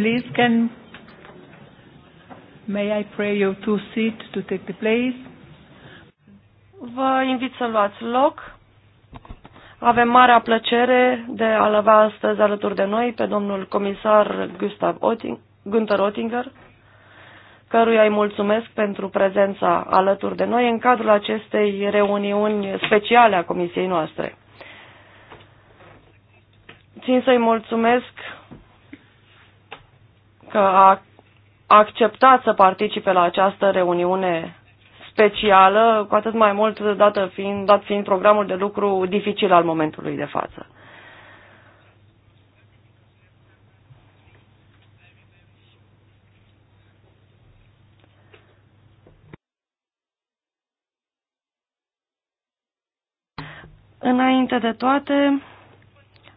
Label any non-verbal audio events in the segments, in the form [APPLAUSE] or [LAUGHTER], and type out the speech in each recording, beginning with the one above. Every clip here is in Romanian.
Please can may I pray you to sit to take the place? Vă invit să luați loc. Avem marea plăcere de a lăva avea astăzi alături de noi pe domnul comisar Gustav Oting, Günther Oettinger, căruia îi mulțumesc pentru prezența alături de noi în cadrul acestei reuniuni speciale a comisiei noastre. Țin să-i mulțumesc că a acceptat să participe la această reuniune specială, cu atât mai mult dată fiind, dat fiind programul de lucru dificil al momentului de față. Înainte de toate,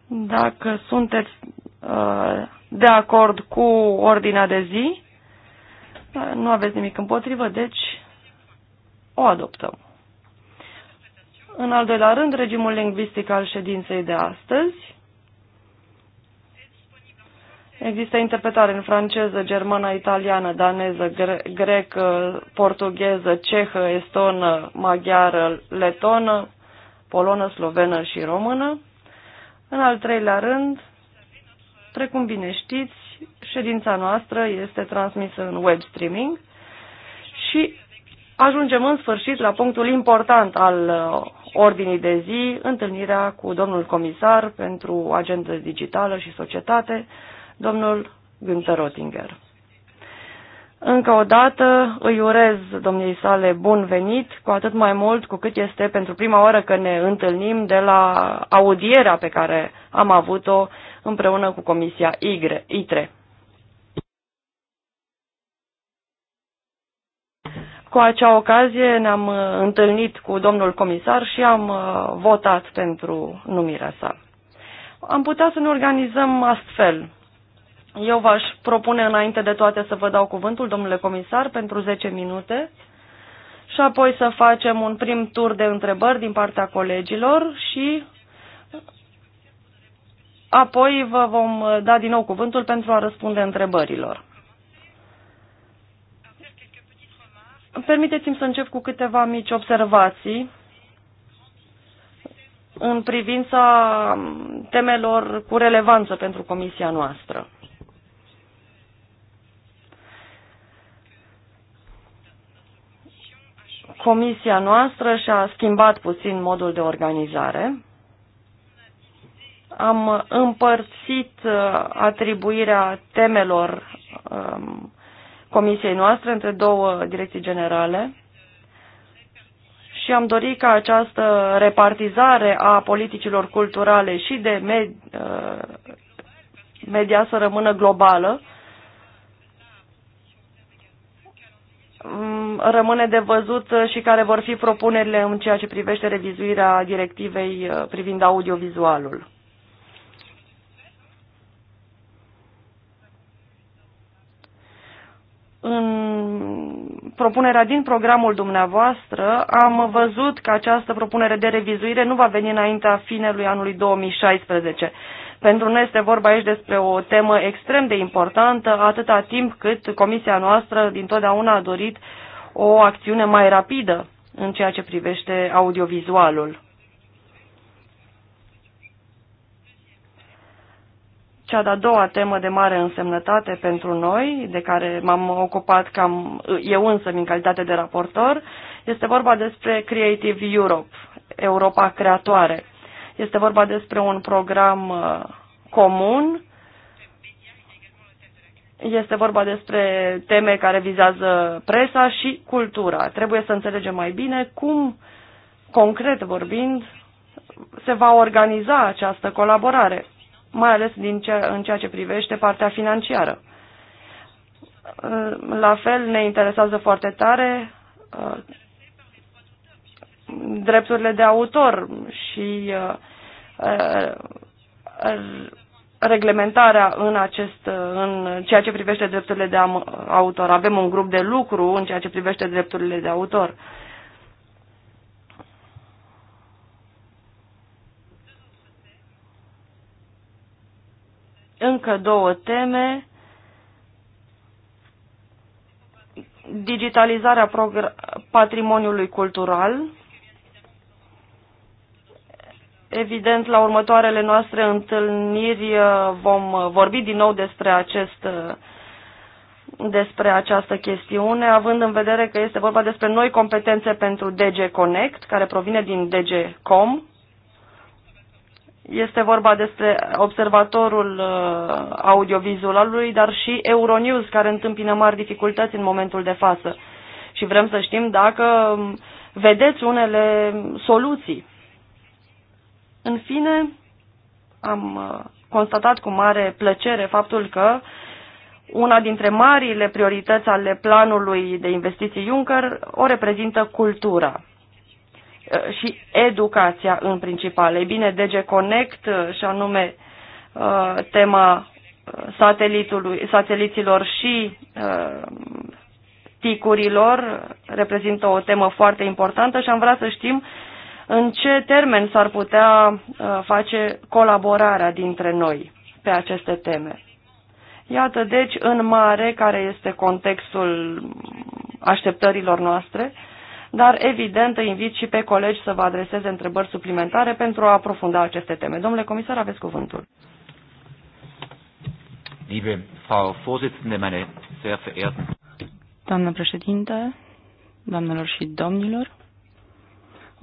dacă sunteți uh, de acord cu ordinea de zi. Nu aveți nimic împotrivă, deci o adoptăm. În al doilea rând, regimul lingvistic al ședinței de astăzi. Există interpretare în franceză, germană, italiană, daneză, gre grecă, portugheză, cehă, estonă, maghiară, letonă, polonă, slovenă și română. În al treilea rând, Precum bine știți, ședința noastră este transmisă în web streaming și ajungem în sfârșit la punctul important al uh, ordinii de zi, întâlnirea cu domnul comisar pentru agenda digitală și societate, domnul Günther Oettinger. Încă o dată îi urez domniei sale bun venit, cu atât mai mult cu cât este pentru prima oară că ne întâlnim de la audierea pe care am avut-o împreună cu Comisia ITRE. Cu acea ocazie ne-am întâlnit cu domnul comisar și am uh, votat pentru numirea sa. Am putea să ne organizăm astfel eu v-aș propune înainte de toate să vă dau cuvântul, domnule comisar, pentru 10 minute și apoi să facem un prim tur de întrebări din partea colegilor și apoi vă vom da din nou cuvântul pentru a răspunde întrebărilor. Permiteți-mi să încep cu câteva mici observații în privința temelor cu relevanță pentru comisia noastră. Comisia noastră și-a schimbat puțin modul de organizare. Am împărțit uh, atribuirea temelor um, comisiei noastre între două direcții generale și am dorit ca această repartizare a politicilor culturale și de uh, media să rămână globală, Mm, rămâne de văzut uh, și care vor fi propunerile în ceea ce privește revizuirea directivei uh, privind audiovizualul. În propunerea din programul dumneavoastră am văzut că această propunere de revizuire nu va veni înaintea finelui anului 2016. Pentru noi este vorba aici despre o temă extrem de importantă, atâta timp cât comisia noastră dintotdeauna a dorit o acțiune mai rapidă în ceea ce privește audiovizualul. Cea de-a doua temă de mare însemnătate pentru noi, de care m-am ocupat cam eu însă în calitate de raportor, este vorba despre Creative Europe, Europa creatoare. Este vorba despre un program uh, comun. Este vorba despre teme care vizează presa și cultura. Trebuie să înțelegem mai bine cum, concret vorbind, se va organiza această colaborare, mai ales din ce, în ceea ce privește partea financiară. Uh, la fel ne interesează foarte tare uh, drepturile de autor și uh, uh, reglementarea în, acest, uh, în ceea ce privește drepturile de autor. Avem un grup de lucru în ceea ce privește drepturile de autor. Încă două teme. Digitalizarea patrimoniului cultural Evident, la următoarele noastre întâlniri uh, vom uh, vorbi din nou despre acest uh, despre această chestiune, având în vedere că este vorba despre noi competențe pentru DG Connect, care provine din DG Com. Este vorba despre observatorul audiovizualului, dar și Euronews, care întâmpină mari dificultăți în momentul de față. Și vrem să știm dacă um, vedeți unele soluții în fine, am uh, constatat cu mare plăcere faptul că una dintre marile priorități ale planului de investiții Juncker o reprezintă cultura uh, și educația în principal. Ei bine, DG Connect uh, și anume tema satelitului, sateliților și ticurilor reprezintă o temă foarte importantă și am vrea să știm în ce termen s-ar putea uh, face colaborarea dintre noi pe aceste teme. Iată, deci, în mare, care este contextul așteptărilor noastre, dar, evident, îi invit și pe colegi să vă adreseze întrebări suplimentare pentru a aprofunda aceste teme. Domnule comisar, aveți cuvântul. Liebe Frau Vorsitzende, meine sehr verehrten. Doamnă președinte, doamnelor și domnilor,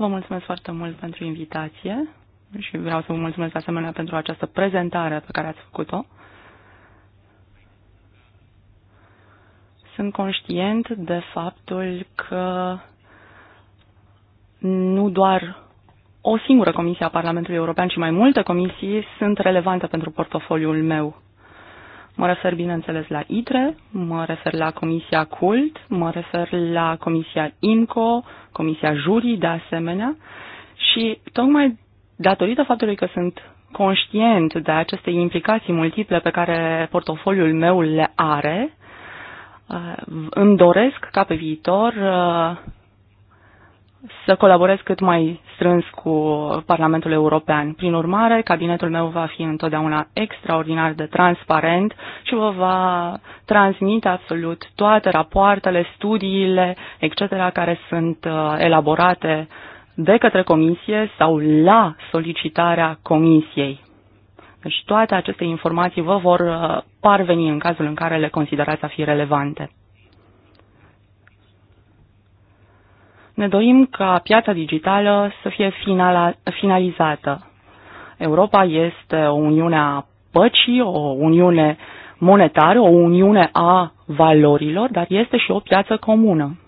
Vă mulțumesc foarte mult pentru invitație și vreau să vă mulțumesc de asemenea pentru această prezentare pe care ați făcut-o. Sunt conștient de faptul că nu doar o singură comisie a Parlamentului European, ci mai multe comisii sunt relevante pentru portofoliul meu. Mă refer, bineînțeles, la ITRE, mă refer la Comisia CULT, mă refer la Comisia INCO, Comisia Jurii, de asemenea. Și tocmai datorită faptului că sunt conștient de aceste implicații multiple pe care portofoliul meu le are, uh, îmi doresc ca pe viitor uh, să colaborez cât mai strâns cu Parlamentul European. Prin urmare, cabinetul meu va fi întotdeauna extraordinar de transparent și vă va transmite absolut toate rapoartele, studiile, etc., care sunt uh, elaborate de către comisie sau la solicitarea comisiei. Deci toate aceste informații vă vor uh, parveni în cazul în care le considerați a fi relevante. Ne dorim ca piața digitală să fie finala, finalizată. Europa este o uniune a păcii, o uniune monetară, o uniune a valorilor, dar este și o piață comună.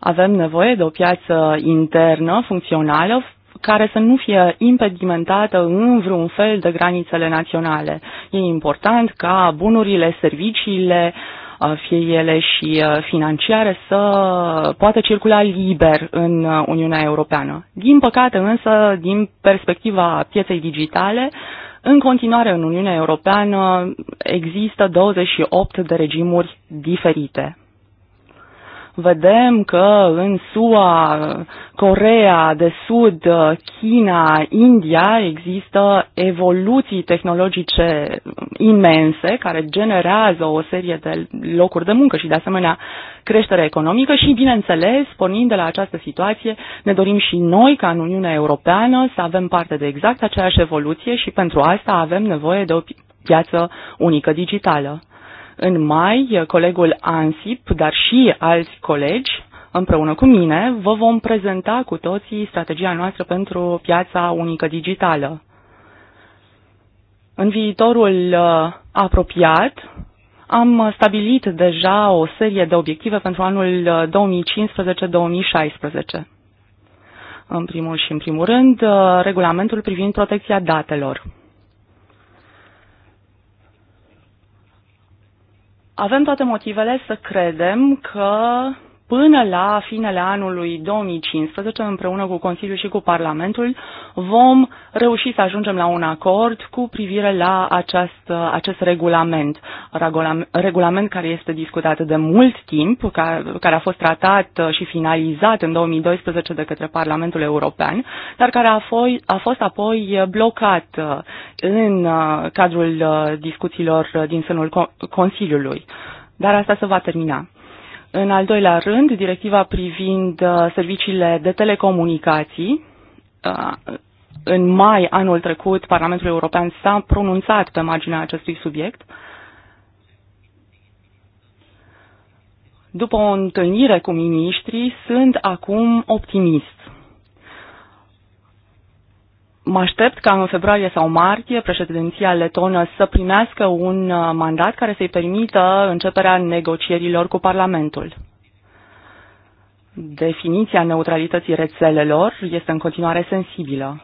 Avem nevoie de o piață internă, funcțională, care să nu fie impedimentată în vreun fel de granițele naționale. E important ca bunurile, serviciile, Uh, fie ele și uh, financiare, să poată circula liber în uh, Uniunea Europeană. Din păcate însă, din perspectiva pieței digitale, în continuare în Uniunea Europeană există 28 de regimuri diferite vedem că în SUA, Corea de Sud, China, India există evoluții tehnologice imense care generează o serie de locuri de muncă și de asemenea creștere economică și, bineînțeles, pornind de la această situație, ne dorim și noi, ca în Uniunea Europeană, să avem parte de exact aceeași evoluție și pentru asta avem nevoie de o piață unică digitală. În mai, colegul ANSIP, dar și alți colegi, împreună cu mine, vă vom prezenta cu toții strategia noastră pentru piața unică digitală. În viitorul uh, apropiat, am stabilit deja o serie de obiective pentru anul 2015-2016. Uh, în primul și în primul rând, uh, regulamentul privind protecția datelor. Avem toate motivele să credem că până la finele anului 2015, împreună cu Consiliul și cu Parlamentul, vom reuși să ajungem la un acord cu privire la acest, acest regulament. Regulament care este discutat de mult timp, care a fost tratat și finalizat în 2012 de către Parlamentul European, dar care a, foi, a fost apoi blocat în cadrul discuțiilor din sânul Consiliului. Dar asta se va termina. În al doilea rând, directiva privind uh, serviciile de telecomunicații. Uh, în mai anul trecut, Parlamentul European s-a pronunțat pe marginea acestui subiect. După o întâlnire cu miniștrii, sunt acum optimist Mă aștept ca în februarie sau martie președinția letonă să primească un uh, mandat care să-i permită începerea negocierilor cu Parlamentul. Definiția neutralității rețelelor este în continuare sensibilă.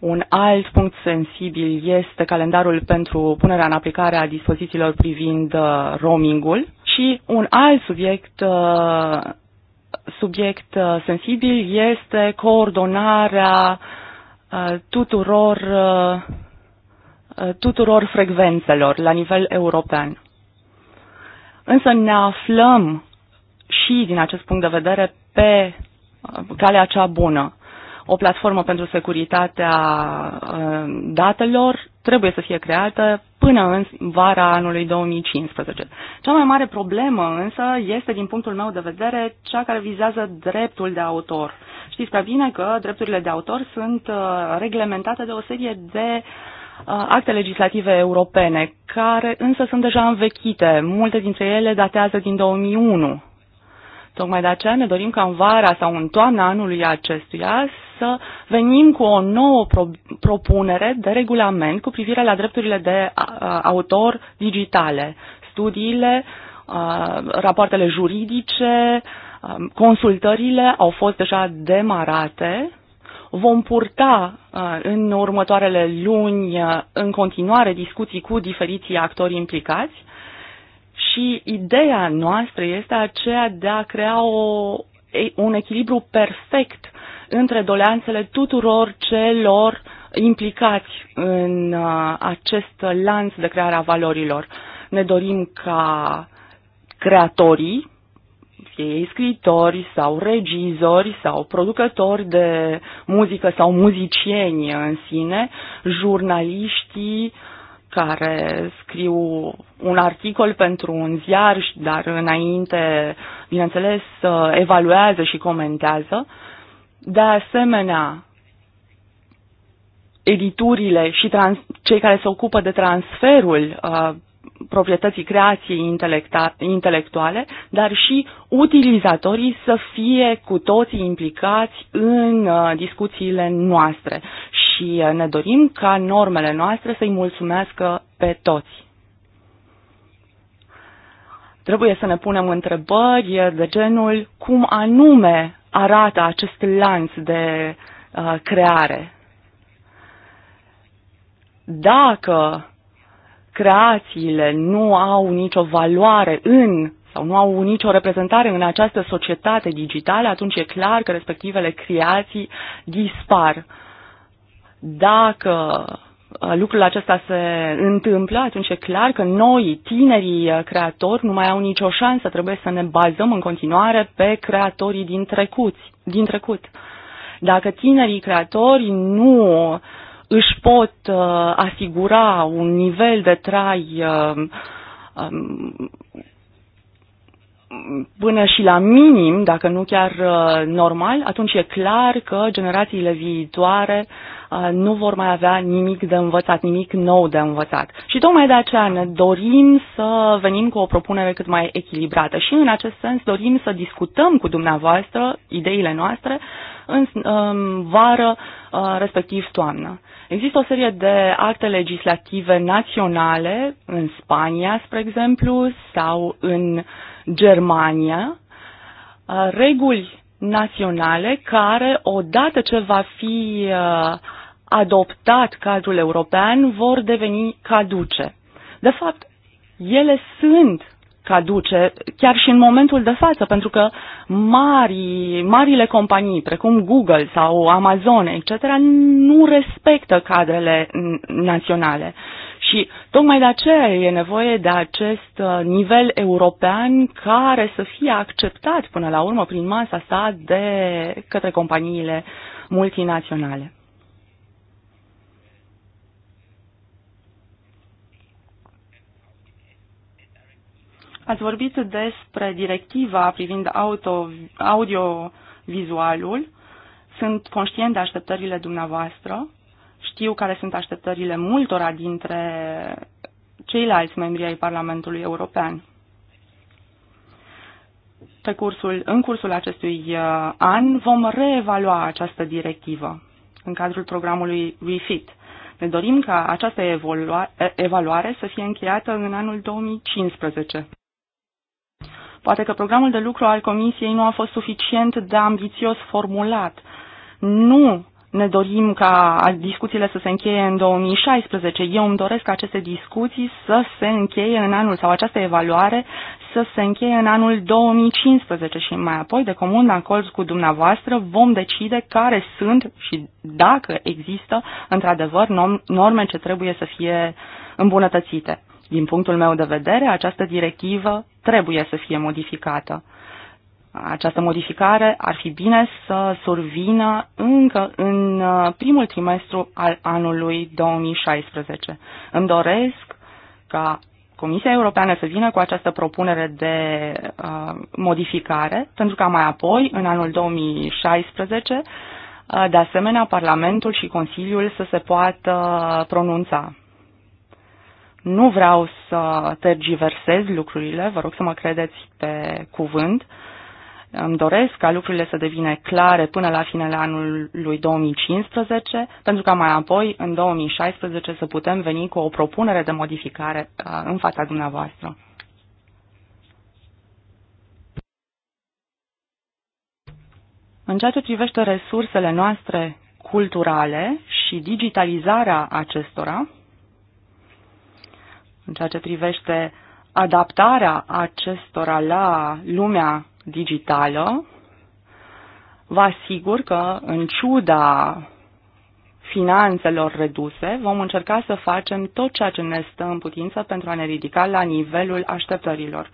Un alt punct sensibil este calendarul pentru punerea în aplicare a dispozițiilor privind uh, roamingul și un alt subiect uh, subiect sensibil este coordonarea uh, Uh, tuturor, uh, uh, tuturor frecvențelor la nivel european. Însă ne aflăm și din acest punct de vedere pe calea cea bună. O platformă pentru securitatea datelor trebuie să fie creată până în vara anului 2015. Cea mai mare problemă însă este, din punctul meu de vedere, cea care vizează dreptul de autor. Știți prea bine că drepturile de autor sunt uh, reglementate de o serie de uh, acte legislative europene, care însă sunt deja învechite. Multe dintre ele datează din 2001. Tocmai de aceea ne dorim ca în vara sau în toamna anului acestuia să venim cu o nouă pro- propunere de regulament cu privire la drepturile de autor digitale, studiile, rapoartele juridice, consultările au fost deja demarate. Vom purta în următoarele luni în continuare discuții cu diferiții actori implicați și ideea noastră este aceea de a crea o, un echilibru perfect între doleanțele tuturor celor implicați în uh, acest lanț de creare a valorilor. Ne dorim ca creatorii, fie ei scritori sau regizori sau producători de muzică sau muzicieni în sine, jurnaliștii, uh, care scriu un articol pentru un ziar, dar înainte, bineînțeles, evaluează și comentează. De asemenea, editurile și trans- cei care se ocupă de transferul uh, proprietății creației intelectuale, dar și utilizatorii să fie cu toții implicați în uh, discuțiile noastre și uh, ne dorim ca normele noastre să-i mulțumească pe toți trebuie să ne punem întrebări de genul cum anume arată acest lanț de uh, creare. Dacă creațiile nu au nicio valoare în sau nu au nicio reprezentare în această societate digitală, atunci e clar că respectivele creații dispar. Dacă lucrul acesta se întâmplă, atunci e clar că noi, tinerii creatori, nu mai au nicio șansă, trebuie să ne bazăm în continuare pe creatorii din, trecuți, din trecut. Dacă tinerii creatori nu uh, își pot uh, asigura un nivel de trai uh, um, până și la minim, dacă nu chiar uh, normal, atunci e clar că generațiile viitoare uh, nu vor mai avea nimic de învățat, nimic nou de învățat. Și tocmai de aceea ne dorim să venim cu o propunere cât mai echilibrată și în acest sens dorim să discutăm cu dumneavoastră ideile noastre în, um, vară, uh, respectiv toamnă. Există o serie de acte legislative naționale în Spania, spre exemplu, sau în uh, Germania uh, reguli naționale care, odată ce va fi uh, adoptat cadrul european, vor deveni caduce. De fapt, ele sunt caduce chiar și în momentul de față, pentru că mari, marile companii, precum Google sau Amazon, etc., nu respectă cadrele naționale. Uh, și tocmai de aceea e nevoie de acest uh, nivel european care să fie acceptat până la urmă prin masa sa de către companiile multinaționale. Ați vorbit despre directiva privind auto, audio-vizualul. Sunt conștient de așteptările dumneavoastră. Știu care sunt așteptările multora dintre ceilalți membri ai Parlamentului European. Pe cursul, în cursul acestui uh, an vom reevalua această directivă în cadrul programului REFIT. Ne dorim ca această evaluare să fie încheiată în anul 2015. Poate că programul de lucru al Comisiei nu a fost suficient de ambițios formulat. Nu ne dorim ca discuțiile să se încheie în 2016. Eu îmi doresc aceste discuții să se încheie în anul sau această evaluare să se încheie în anul 2015 și mai apoi de comun acord cu dumneavoastră vom decide care sunt și dacă există într-adevăr norme ce trebuie să fie îmbunătățite. Din punctul meu de vedere, această directivă trebuie să fie modificată această modificare ar fi bine să survină încă în uh, primul trimestru al anului 2016. Îmi doresc ca Comisia Europeană să vină cu această propunere de uh, modificare, pentru ca mai apoi, în anul 2016, uh, de asemenea, Parlamentul și Consiliul să se poată uh, pronunța. Nu vreau să tergiversez lucrurile, vă rog să mă credeți pe cuvânt. Uh, îmi doresc ca lucrurile să devină clare până la finele anului 2015, pentru ca mai apoi, în 2016, să putem veni cu o propunere de modificare uh, în fața dumneavoastră. În ceea ce privește resursele noastre culturale și digitalizarea acestora, în ceea ce privește adaptarea acestora la lumea digitală, vă asigur că, în ciuda finanțelor reduse, vom încerca să facem tot ceea ce ne stă în putință pentru a ne ridica la nivelul așteptărilor.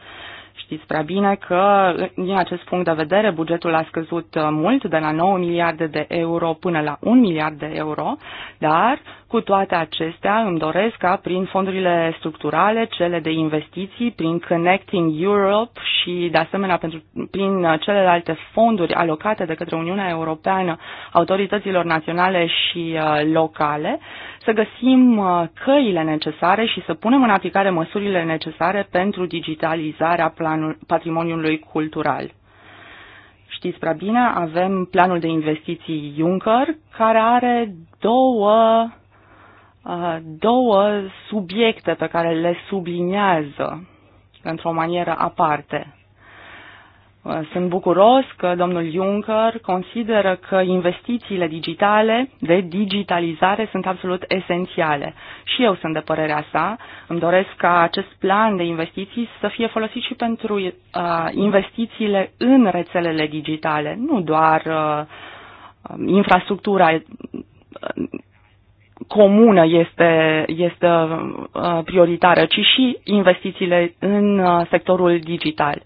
Știți prea bine că, din acest punct de vedere, bugetul a scăzut mult, de la 9 miliarde de euro până la 1 miliard de euro, dar cu toate acestea, îmi doresc ca prin fondurile structurale, cele de investiții, prin Connecting Europe și, de asemenea, pentru, prin celelalte fonduri alocate de către Uniunea Europeană autorităților naționale și uh, locale, să găsim uh, căile necesare și să punem în aplicare măsurile necesare pentru digitalizarea planul, patrimoniului cultural. Știți prea bine, avem planul de investiții Juncker, care are două Uh, două subiecte pe care le subliniază într-o manieră aparte. Uh, sunt bucuros că domnul Juncker consideră că investițiile digitale de digitalizare sunt absolut esențiale. Și eu sunt de părerea sa. Îmi doresc ca acest plan de investiții să fie folosit și pentru uh, investițiile în rețelele digitale, nu doar uh, infrastructura uh, comună este, este uh, prioritară, ci și investițiile în uh, sectorul digital.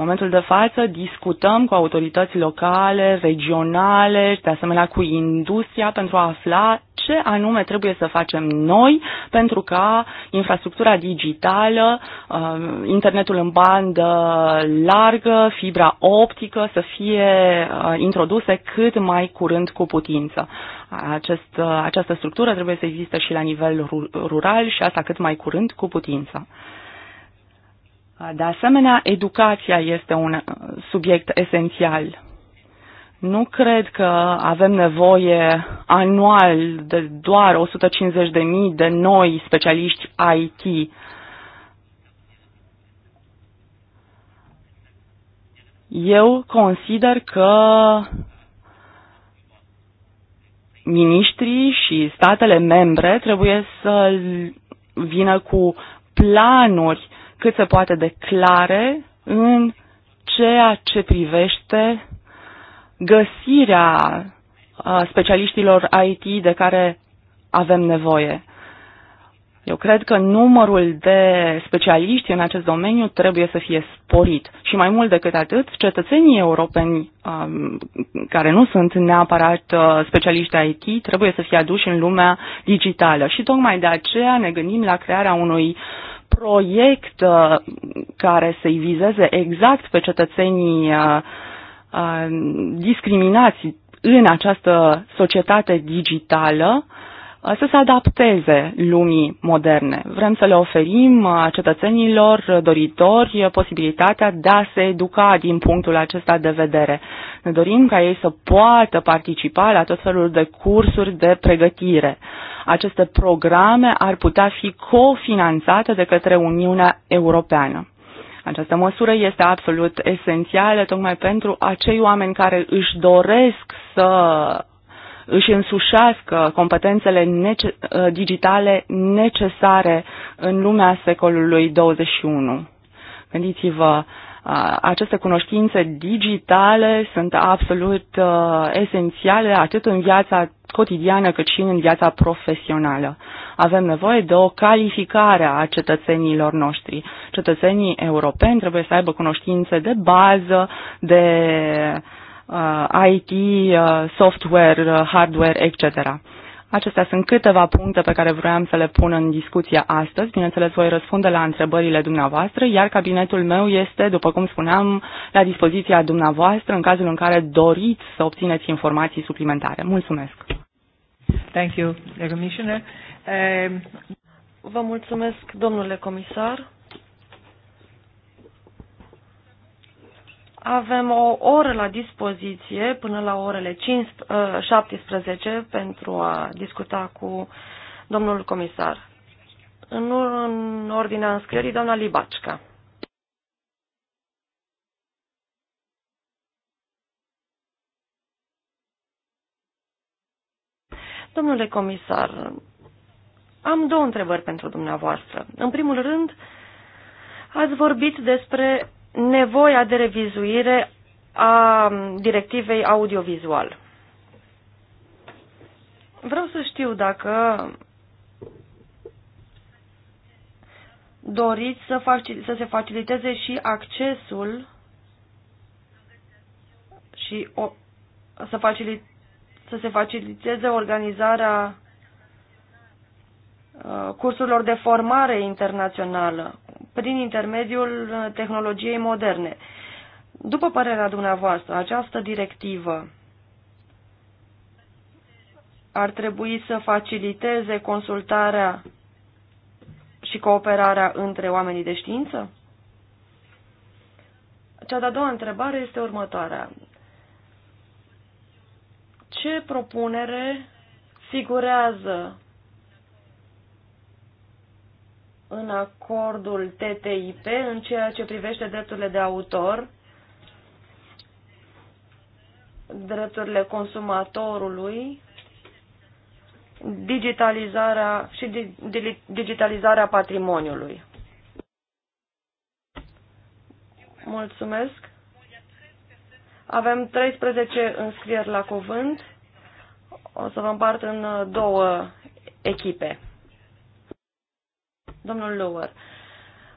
În momentul de față discutăm cu autorități locale, regionale, de asemenea cu industria pentru a afla ce anume trebuie să facem noi pentru ca infrastructura digitală, uh, internetul în bandă largă, fibra optică să fie uh, introduse cât mai curând cu putință. Acest, uh, această structură trebuie să existe și la nivel rural și asta cât mai curând cu putință. De asemenea, educația este un uh, subiect esențial. Nu cred că avem nevoie anual de doar 150.000 de noi specialiști IT. Eu consider că miniștrii și statele membre trebuie să vină cu planuri cât se poate de clare în ceea ce privește găsirea specialiștilor IT de care avem nevoie. Eu cred că numărul de specialiști în acest domeniu trebuie să fie sporit. Și mai mult decât atât, cetățenii europeni um, care nu sunt neapărat uh, specialiști IT trebuie să fie aduși în lumea digitală. Și tocmai de aceea ne gândim la crearea unui proiect uh, care să-i vizeze exact pe cetățenii uh, uh, discriminați în această societate digitală Uh, să se adapteze lumii moderne. Vrem să le oferim uh, cetățenilor doritori uh, posibilitatea de a se educa din punctul acesta de vedere. Ne dorim ca ei să poată participa la tot felul de cursuri de pregătire. Aceste programe ar putea fi cofinanțate de către Uniunea Europeană. Această măsură este absolut esențială tocmai pentru acei oameni care își doresc să își însușească competențele nece- ă, digitale necesare în lumea secolului 21. Gândiți-vă, aceste cunoștințe digitale sunt absolut ă, esențiale atât în viața cotidiană cât și în viața profesională. Avem nevoie de o calificare a cetățenilor noștri. Cetățenii europeni trebuie să aibă cunoștințe de bază, de uh, Uh, IT, uh, software, uh, hardware, etc. Acestea sunt câteva puncte pe care vreau să le pun în discuția astăzi. Bineînțeles, voi răspunde la întrebările dumneavoastră, iar cabinetul meu este, după cum spuneam, la dispoziția dumneavoastră în cazul în care doriți să obțineți informații suplimentare. Mulțumesc! Thank you, Commissioner. Um, Vă mulțumesc, domnule comisar. Avem o oră la dispoziție până la orele 17 ă, pentru a discuta cu domnul comisar. În, în ordinea înscrierii, doamna Libacica. Domnule comisar, am două întrebări pentru dumneavoastră. În primul rând, ați vorbit despre nevoia de revizuire a directivei audiovizual. Vreau să știu dacă doriți să, facil, să se faciliteze și accesul și o, să, facilit, să se faciliteze organizarea uh, cursurilor de formare internațională, prin intermediul uh, tehnologiei moderne. După părerea dumneavoastră, această directivă ar trebui să faciliteze consultarea și cooperarea între oamenii de știință? Cea de-a doua întrebare este următoarea. Ce propunere figurează în acordul TTIP în ceea ce privește drepturile de autor, drepturile consumatorului, digitalizarea și digitalizarea patrimoniului. Mulțumesc. Avem 13 înscrieri la cuvânt. O să vă împart în două echipe. Domnul Lower.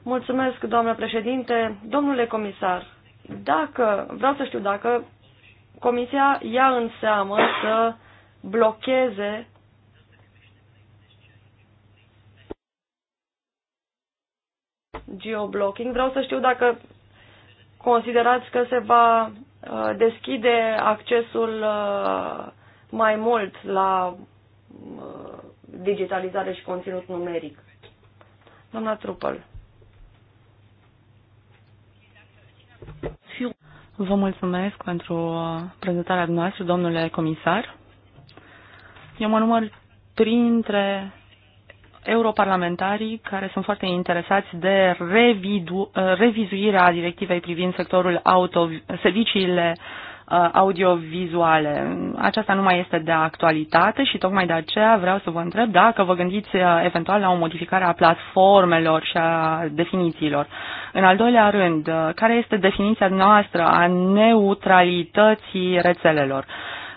Mulțumesc, doamnă președinte. Domnule comisar, dacă, vreau să știu dacă Comisia ia în seamă să blocheze geoblocking. Vreau să știu dacă considerați că se va uh, deschide accesul uh, mai mult la uh, digitalizare și conținut numeric. Doamna Trupăl. Vă mulțumesc pentru prezentarea dumneavoastră, domnule comisar. Eu mă număr printre europarlamentarii care sunt foarte interesați de revizuirea directivei privind sectorul auto, serviciile uh, Uh, audiovizuale. Aceasta nu mai este de actualitate și tocmai de aceea vreau să vă întreb dacă vă gândiți uh, eventual la o modificare a platformelor și a definițiilor. În al doilea rând, uh, care este definiția noastră a neutralității rețelelor?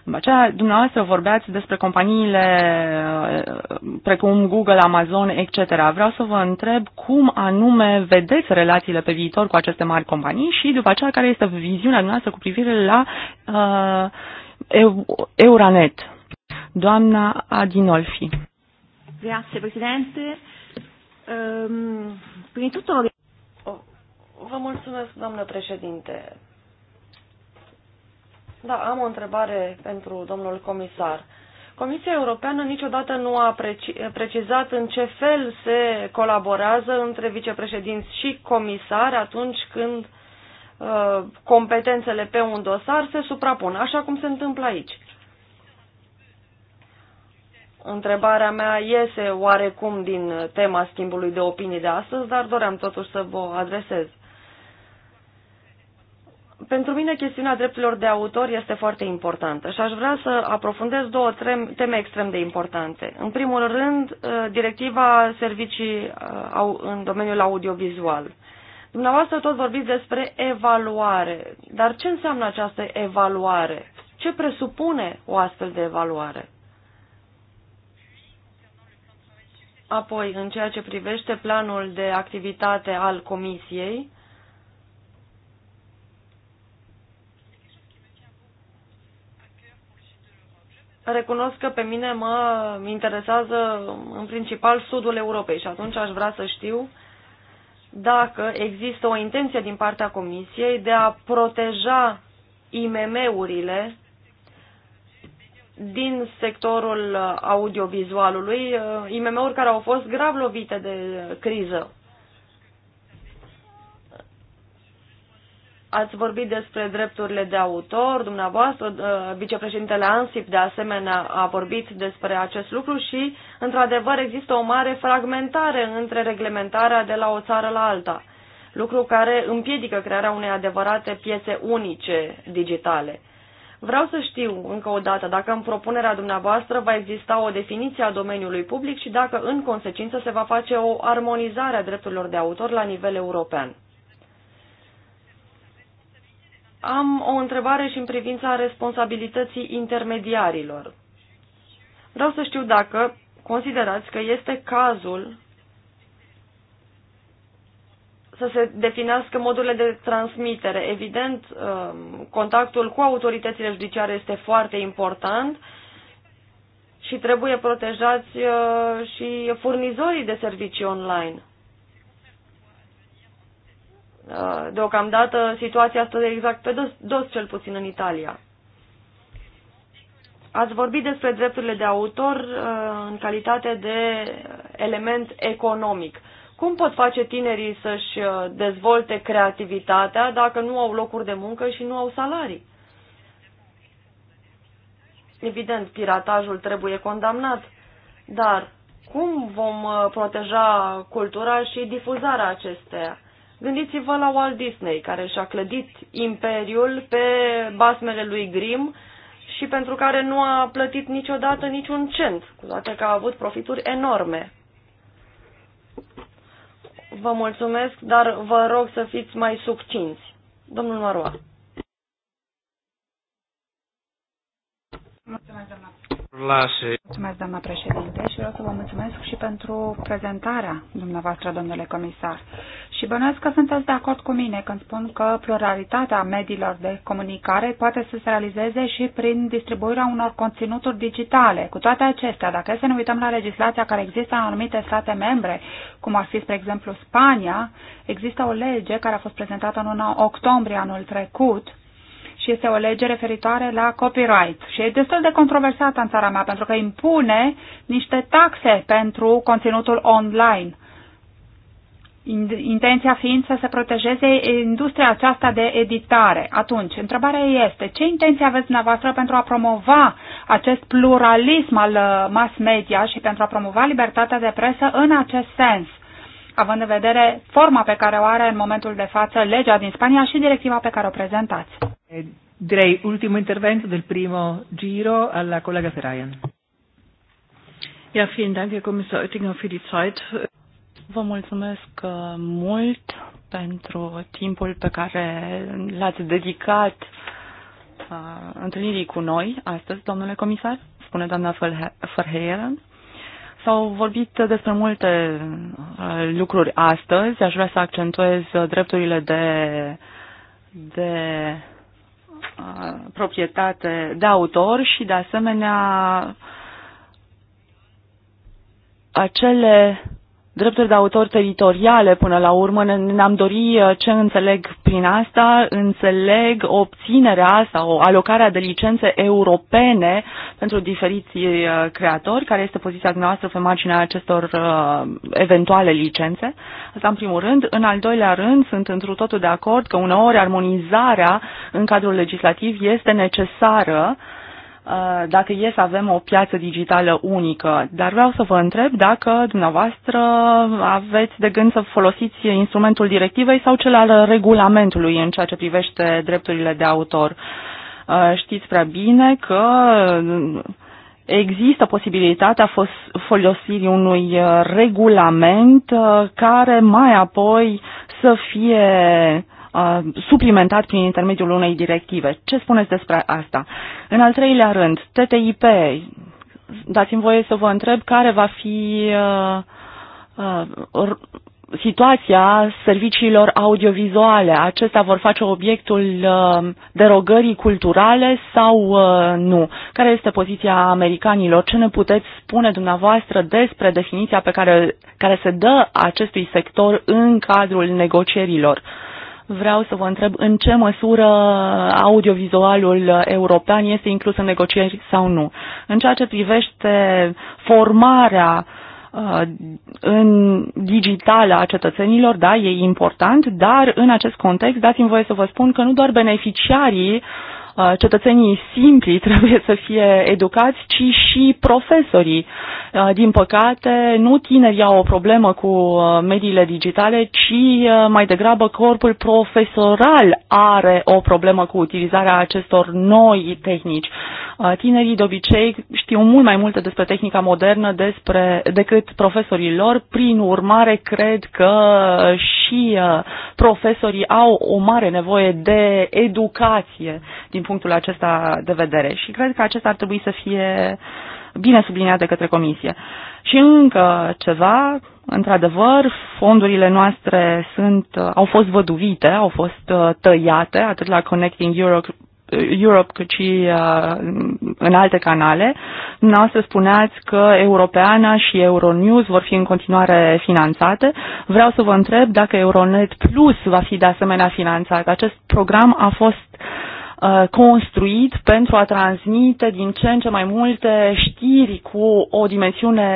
După aceea, dumneavoastră vorbeați despre companiile uh, precum Google, Amazon, etc. Vreau să vă întreb cum anume vedeți relațiile pe viitor cu aceste mari companii și după aceea care este viziunea dumneavoastră cu privire la uh, Euronet. Doamna Adinolfi. Grazie, Presidente. Um, ehm, prin tutto... Vă mulțumesc, doamnă președinte. Da, am o întrebare pentru domnul comisar. Comisia Europeană niciodată nu a precizat în ce fel se colaborează între vicepreședinți și comisar atunci când uh, competențele pe un dosar se suprapun, așa cum se întâmplă aici. Întrebarea mea iese oarecum din tema schimbului de opinii de astăzi, dar doream totuși să vă adresez. Pentru mine chestiunea drepturilor de autor este foarte importantă și aș vrea să aprofundez două teme extrem de importante. În primul rând, uh, directiva servicii uh, în domeniul audiovizual. Dumneavoastră tot vorbiți despre evaluare, dar ce înseamnă această evaluare? Ce presupune o astfel de evaluare? Apoi, în ceea ce privește planul de activitate al Comisiei, recunosc că pe mine mă interesează în principal sudul Europei și atunci aș vrea să știu dacă există o intenție din partea Comisiei de a proteja IMM-urile din sectorul audiovizualului, uh, IMM-uri care au fost grav lovite de criză. Ați vorbit despre drepturile de autor, dumneavoastră, uh, vicepreședintele ANSIP de asemenea a vorbit despre acest lucru și, într-adevăr, există o mare fragmentare între reglementarea de la o țară la alta, lucru care împiedică crearea unei adevărate piețe unice digitale. Vreau să știu, încă o dată, dacă în propunerea dumneavoastră va exista o definiție a domeniului public și dacă, în consecință, se va face o armonizare a drepturilor de autor la nivel european. Am o întrebare și în privința responsabilității intermediarilor. Vreau să știu dacă considerați că este cazul să se definească modurile de transmitere. Evident, um, contactul cu autoritățile judiciare este foarte important și trebuie protejați uh, și furnizorii de servicii online. Uh, deocamdată situația stă exact pe dos, dos, cel puțin în Italia. Ați vorbit despre drepturile de autor uh, în calitate de element economic. Cum pot face tinerii să-și uh, dezvolte creativitatea dacă nu au locuri de muncă și nu au salarii? Evident, piratajul trebuie condamnat, dar cum vom proteja cultura și difuzarea acesteia? Gândiți-vă la Walt Disney, care și-a clădit imperiul pe basmele lui Grimm și pentru care nu a plătit niciodată niciun cent, cu toate că a avut profituri enorme. Vă mulțumesc, dar vă rog să fiți mai subcinți. Domnul Maroa. Mulțumesc, doamna Mulțumesc, doamna președinte, și vreau să vă mulțumesc și pentru prezentarea dumneavoastră, domnule comisar. Și bănuiesc că sunteți de acord cu mine când spun că pluralitatea mediilor de comunicare poate să se realizeze și prin distribuirea unor conținuturi digitale. Cu toate acestea, dacă să ne uităm la legislația care există în anumite state membre, cum ar fi, spre exemplu, Spania, există o lege care a fost prezentată în luna octombrie anul trecut, și este o lege referitoare la copyright și e destul de controversată în țara mea pentru că impune niște taxe pentru conținutul online. Intenția fiind să se protejeze industria aceasta de editare. Atunci, întrebarea este, ce intenție aveți dumneavoastră pentru a promova acest pluralism al uh, mass media și pentru a promova libertatea de presă în acest sens? având în vedere forma pe care o are în momentul de față legea din Spania și directiva pe care o prezentați. E direi ultimo intervento del primo giro alla collega Ferrajan. Ja, vielen Dank, Herr Kommissar Oettinger, für die Zeit. Vă mulțumesc uh, mult pentru timpul pe care l-ați dedicat uh, întâlnirii cu noi astăzi, domnule comisar, spune doamna Verheeren. S-au vorbit despre multe uh, lucruri astăzi. Aș vrea să accentuez uh, drepturile de, de Uh, proprietate de autor și, de asemenea, acele drepturi de autor teritoriale până la urmă. Ne-am dorit uh, ce înțeleg prin asta, înțeleg obținerea sau alocarea de licențe europene pentru diferiți uh, creatori, care este poziția noastră pe marginea acestor uh, eventuale licențe. Asta în primul rând. În al doilea rând, sunt într totul de acord că uneori armonizarea în cadrul legislativ este necesară Uh, dacă e să avem o piață digitală unică, dar vreau să vă întreb dacă dumneavoastră aveți de gând să folosiți instrumentul directivei sau cel al regulamentului în ceea ce privește drepturile de autor. Uh, știți prea bine că uh, există posibilitatea folosirii unui regulament care mai apoi să fie suplimentat prin intermediul unei directive. Ce spuneți despre asta? În al treilea rând, TTIP, dați-mi voie să vă întreb care va fi uh, uh, situația serviciilor audiovizuale. Acestea vor face obiectul uh, derogării culturale sau uh, nu? Care este poziția americanilor? Ce ne puteți spune dumneavoastră despre definiția pe care, care se dă acestui sector în cadrul negocierilor? Uh, Vreau să vă întreb în ce măsură audiovizualul european este inclus în negocieri sau nu. În ceea ce privește formarea uh, în digitală a cetățenilor, da, e important, dar în acest context dați-mi voie să vă spun că nu doar beneficiarii uh, Uh, cetățenii simpli [LAUGHS] trebuie să fie educați, ci și profesorii. Uh, din păcate, nu tinerii au o problemă cu uh, mediile digitale, ci mai degrabă corpul profesoral are o problemă cu utilizarea acestor noi tehnici. Tinerii de obicei știu mult mai multe despre tehnica modernă despre, decât profesorii lor, prin urmare cred că și profesorii au o mare nevoie de educație din punctul acesta de vedere și cred că acesta ar trebui să fie bine subliniat de către Comisie. Și încă ceva, într-adevăr, fondurile noastre sunt, uh, au fost văduvite, au fost uh, tăiate, atât la Connecting Europe uh, Europe, cât și uh, în alte canale. Noastră spuneați că Europeana și Euronews vor fi în continuare finanțate. Vreau să vă întreb dacă Euronet Plus va fi de asemenea finanțat. Acest program a fost uh, Uh, construit pentru a transmite din ce în ce mai multe știri cu o dimensiune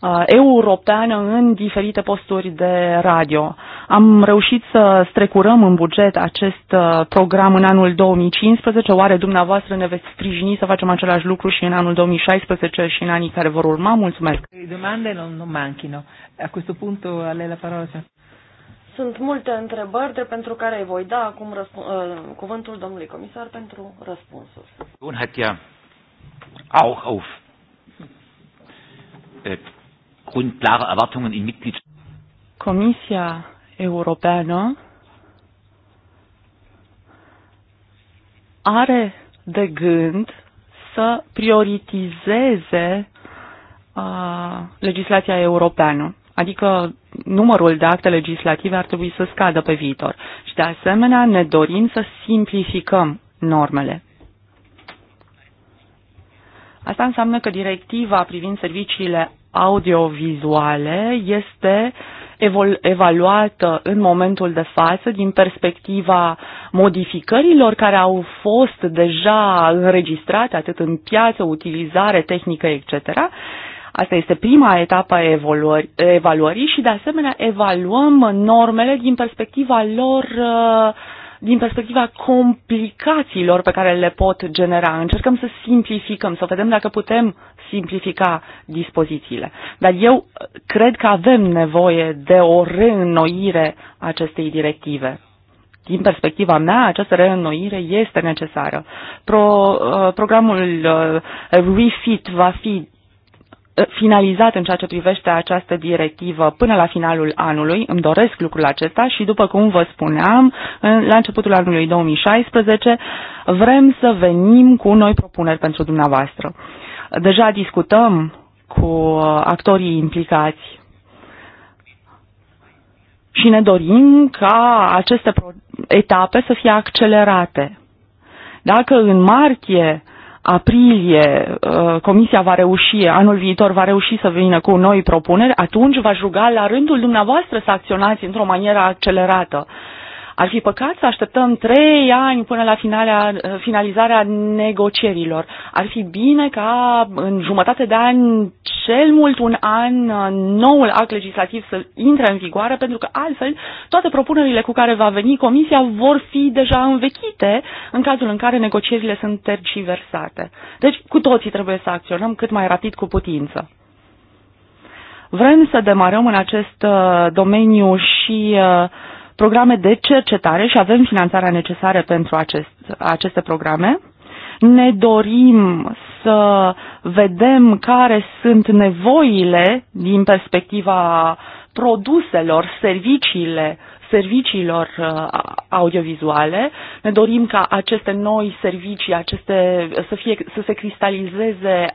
uh, europeană în diferite posturi de radio. Am reușit să strecurăm în buget acest uh, program în anul 2015. Oare dumneavoastră ne veți sprijini să facem același lucru și în anul 2016 și în anii care vor urma? Mulțumesc! Domandele nu manchino. A questo punto a lei la parola. Sunt multe întrebări de pentru care îi voi da acum ă, cuvântul domnului comisar pentru răspunsuri. Bun, hat ja auch auf äh, grundklare Erwartungen in Mitglied. Comisia Europeană are de gând să prioritizeze uh, legislația europeană adică numărul de acte legislative ar trebui să scadă pe viitor. Și de asemenea ne dorim să simplificăm normele. Asta înseamnă că directiva privind serviciile audiovizuale este evaluată în momentul de față din perspectiva modificărilor care au fost deja înregistrate atât în piață, utilizare tehnică, etc. Asta este prima etapă a evaluării și, de asemenea, evaluăm normele din perspectiva lor uh, din perspectiva complicațiilor pe care le pot genera. Încercăm să simplificăm, să vedem dacă putem simplifica dispozițiile. Dar eu uh, cred că avem nevoie de o reînnoire acestei directive din perspectiva mea, această reînnoire este necesară. Pro, uh, programul Refit va fi finalizat în ceea ce privește această directivă până la finalul anului. Îmi doresc lucrul acesta și, după cum vă spuneam, în, la începutul anului 2016 vrem să venim cu noi propuneri pentru dumneavoastră. Deja discutăm cu actorii implicați și ne dorim ca aceste etape să fie accelerate. Dacă în martie aprilie uh, comisia va reuși, anul viitor va reuși să vină cu noi propuneri, atunci v-aș ruga la rândul dumneavoastră să acționați într-o manieră accelerată. Ar fi păcat să așteptăm trei ani până la finalea, finalizarea negocierilor. Ar fi bine ca în jumătate de an, cel mult un an, noul act legislativ să intre în vigoare, pentru că altfel toate propunerile cu care va veni Comisia vor fi deja învechite în cazul în care negocierile sunt tergiversate. Deci cu toții trebuie să acționăm cât mai rapid cu putință. Vrem să demarăm în acest uh, domeniu și uh, programe de cercetare și avem finanțarea necesară pentru acest, aceste programe. Ne dorim să vedem care sunt nevoile din perspectiva produselor, serviciile, serviciilor uh, audiovizuale. Ne dorim ca aceste noi servicii, aceste, să, fie, să se cristalizeze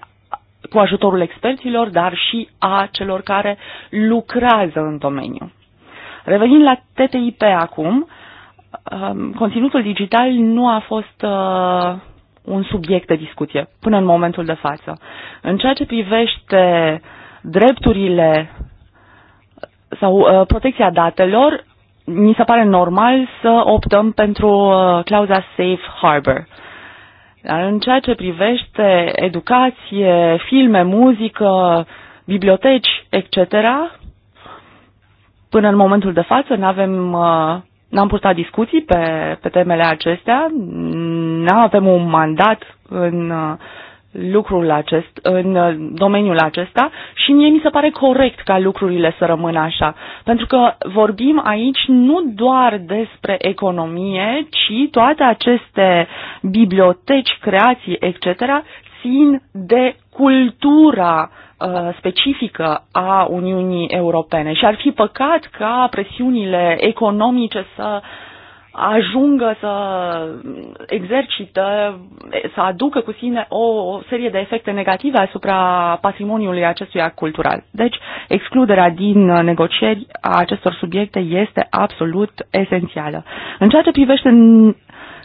cu ajutorul experților, dar și a celor care lucrează în domeniu. Revenind la TTIP acum, um, conținutul digital nu a fost uh, un subiect de discuție până în momentul de față. În ceea ce privește drepturile sau uh, protecția datelor, mi se pare normal să optăm pentru uh, clauza safe harbor. Dar în ceea ce privește educație, filme, muzică, biblioteci, etc., Până în momentul de față nu avem uh, n-am purtat discuții pe, pe temele acestea, nu avem un mandat în uh, lucrul acest, în uh, domeniul acesta și mie mi se pare corect ca lucrurile să rămână așa. Pentru că vorbim aici nu doar despre economie, ci toate aceste biblioteci, creații, etc., țin de cultura uh, Uh, specifică a Uniunii Europene și ar fi păcat ca presiunile economice să ajungă să exercită, să aducă cu sine o, serie de efecte negative asupra patrimoniului acestuia cultural. Deci, excluderea din negocieri a acestor subiecte este absolut esențială. În ceea ce privește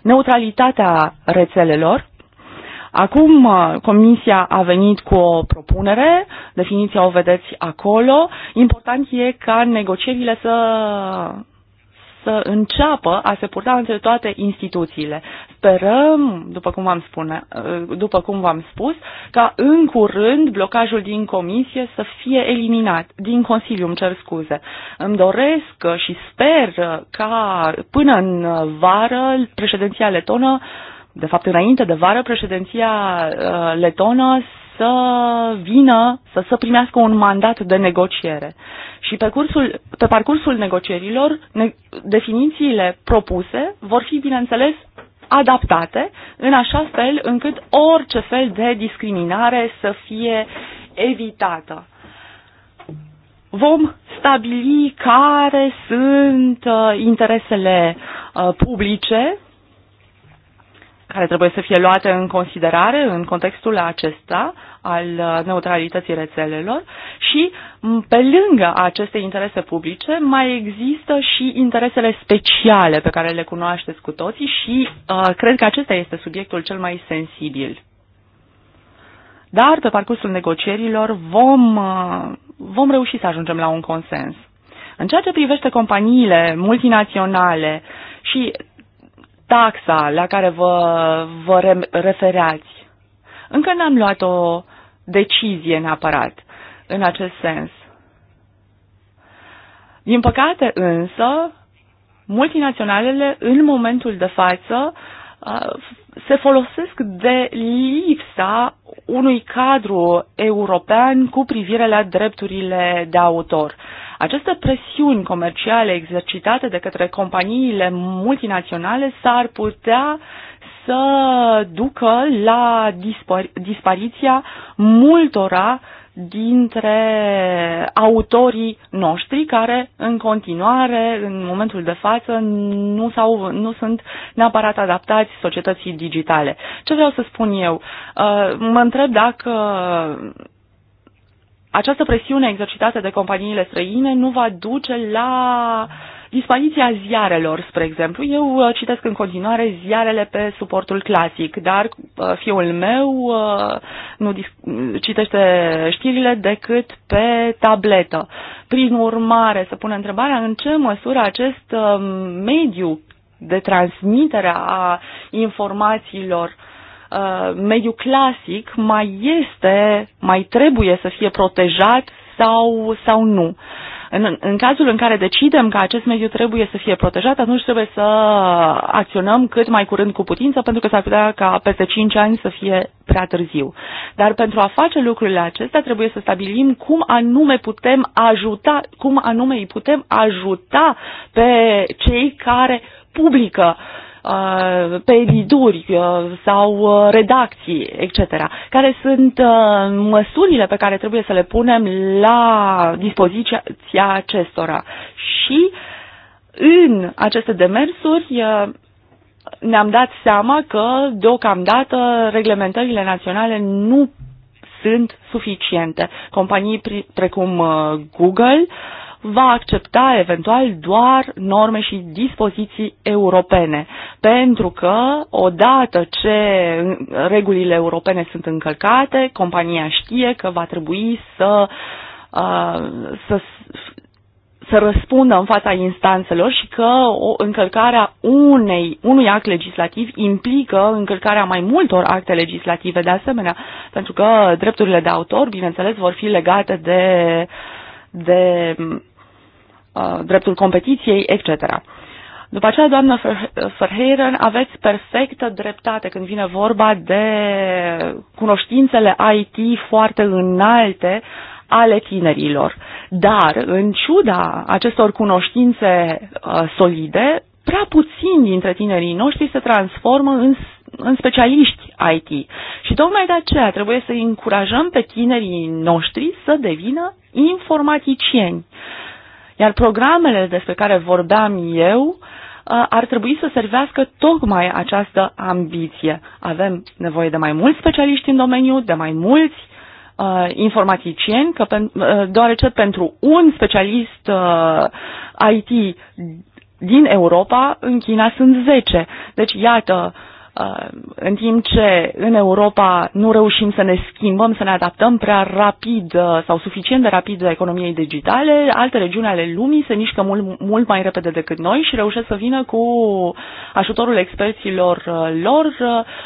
neutralitatea rețelelor, Acum uh, Comisia a venit cu o propunere, definiția o vedeți acolo. Important e ca negocierile să să înceapă a se purta între toate instituțiile. Sperăm, după cum v-am, spune, uh, după cum v-am spus, ca în curând blocajul din comisie să fie eliminat, din Consiliu, îmi cer scuze. Îmi doresc și sper ca până în vară președinția letonă de fapt înainte de vară, președinția uh, letonă să vină, să, să primească un mandat de negociere. Și pe, cursul, pe parcursul negocierilor, ne, definițiile propuse vor fi, bineînțeles, adaptate în așa fel încât orice fel de discriminare să fie evitată. Vom stabili care sunt uh, interesele uh, publice care trebuie să fie luate în considerare în contextul acesta al neutralității rețelelor și pe lângă aceste interese publice mai există și interesele speciale pe care le cunoașteți cu toții și uh, cred că acesta este subiectul cel mai sensibil. Dar pe parcursul negocierilor vom, uh, vom reuși să ajungem la un consens. În ceea ce privește companiile multinaționale și taxa la care vă, vă refereați. Încă n-am luat o decizie neapărat în acest sens. Din păcate însă, multinaționalele în momentul de față se folosesc de lipsa unui cadru european cu privire la drepturile de autor. Aceste presiuni comerciale exercitate de către companiile multinaționale s-ar putea să ducă la dispar- dispariția multora dintre autorii noștri care în continuare, în momentul de față, nu, s-au, nu sunt neapărat adaptați societății digitale. Ce vreau să spun eu? Uh, mă întreb dacă această presiune exercitată de companiile străine nu va duce la dispariția ziarelor, spre exemplu. Eu uh, citesc în continuare ziarele pe suportul clasic, dar uh, fiul meu uh, nu citește știrile decât pe tabletă. Prin urmare, să pun întrebarea în ce măsură acest mediu de transmitere a informațiilor uh, Uh, mediul clasic mai este, mai trebuie să fie protejat sau, sau nu. În, în cazul în care decidem că acest mediu trebuie să fie protejat, atunci trebuie să acționăm cât mai curând cu putință, pentru că s-ar putea ca peste 5 ani să fie prea târziu. Dar pentru a face lucrurile acestea trebuie să stabilim cum anume putem ajuta, cum anume îi putem ajuta pe cei care publică uh, Uh, pe edituri uh, sau uh, redacții, etc. Care sunt măsurile pe care trebuie să le punem la dispoziția acestora. Și în aceste demersuri ne-am dat seama că deocamdată reglementările naționale nu sunt suficiente. Companii precum Google uh, va accepta eventual doar norme și dispoziții europene, pentru că odată ce regulile europene sunt încălcate, compania știe că va trebui să, uh, să să răspundă în fața instanțelor și că o încălcarea unei, unui act legislativ implică încălcarea mai multor acte legislative de asemenea, pentru că drepturile de autor, bineînțeles, vor fi legate de, de Uh, dreptul competiției, etc. După aceea, doamnă Verheiren, aveți perfectă dreptate când vine vorba de cunoștințele IT foarte înalte ale tinerilor. Dar, în ciuda acestor cunoștințe uh, solide, prea puțin dintre tinerii noștri se transformă în, în specialiști IT. Și tocmai de aceea trebuie să încurajăm pe tinerii noștri să devină informaticieni. Uh, iar programele despre care vorbeam eu uh, ar trebui să servească tocmai această ambiție. Avem nevoie de mai mulți specialiști în domeniu, de mai mulți uh, informaticieni, că pen, uh, deoarece pentru un specialist uh, IT din Europa, în China sunt 10. Deci, iată, uh, Uh, în timp ce în Europa nu reușim să ne schimbăm, să ne adaptăm prea rapid uh, sau suficient de rapid la economiei digitale, alte regiuni ale lumii se mișcă mult, mult mai repede decât noi și reușesc să vină cu ajutorul experților uh, lor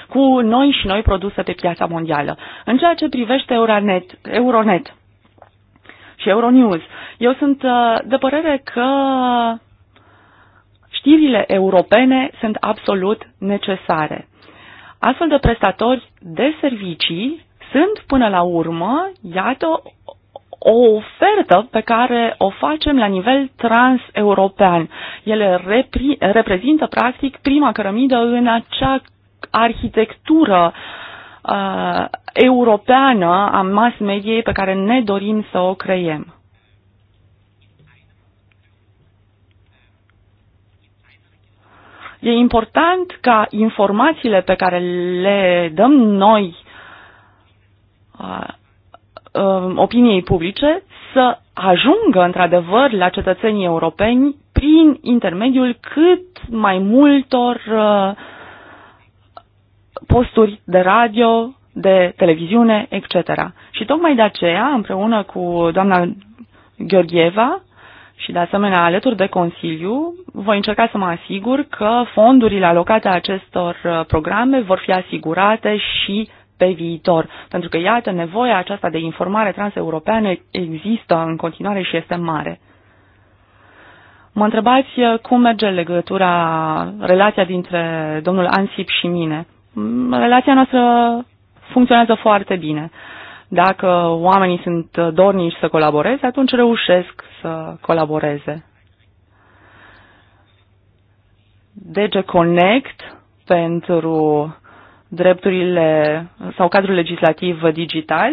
cu noi și noi produse pe piața mondială. În ceea ce privește Euronet, Euronet și Euronews, eu sunt de părere că Știrile europene sunt absolut necesare. Astfel de prestatori de servicii sunt până la urmă, iată, o ofertă pe care o facem la nivel transeuropean. Ele reprezintă practic prima cărămidă în acea arhitectură uh, europeană a mass mediei pe care ne dorim să o creiem. E important ca informațiile pe care le dăm noi opiniei publice să ajungă într-adevăr la cetățenii europeni prin intermediul cât mai multor posturi de radio, de televiziune, etc. Și tocmai de aceea, împreună cu doamna Gheorgheva, și de asemenea, alături de Consiliu, voi încerca să mă asigur că fondurile alocate acestor uh, programe vor fi asigurate și pe viitor. Pentru că, iată, nevoia aceasta de informare transeuropeană există în continuare și este mare. Mă întrebați uh, cum merge legătura, relația dintre domnul Ansip și mine. Mm, relația noastră funcționează foarte bine. Dacă oamenii sunt dornici să colaboreze, atunci reușesc să colaboreze. DG Connect pentru drepturile sau cadrul legislativ digital,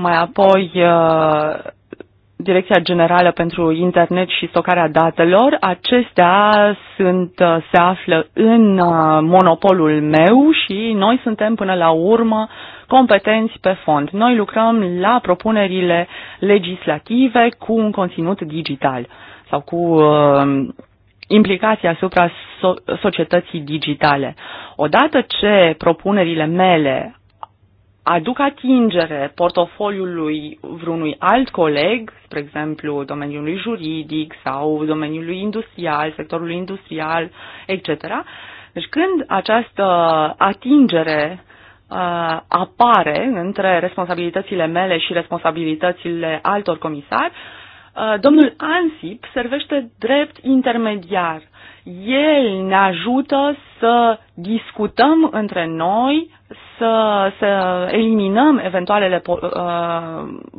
mai apoi uh, Direcția Generală pentru Internet și Stocarea Datelor. Acestea sunt, uh, se află în uh, monopolul meu și noi suntem până la urmă competenți pe fond. Noi lucrăm la propunerile legislative cu un conținut digital sau cu uh, implicații asupra so- societății digitale. Odată ce propunerile mele aduc atingere portofoliului vreunui alt coleg, spre exemplu domeniului juridic sau domeniului industrial, sectorului industrial, etc. Deci când această atingere uh, apare între responsabilitățile mele și responsabilitățile altor comisari, uh, domnul Ansip servește drept intermediar. El ne ajută să discutăm între noi, să, să eliminăm eventualele uh,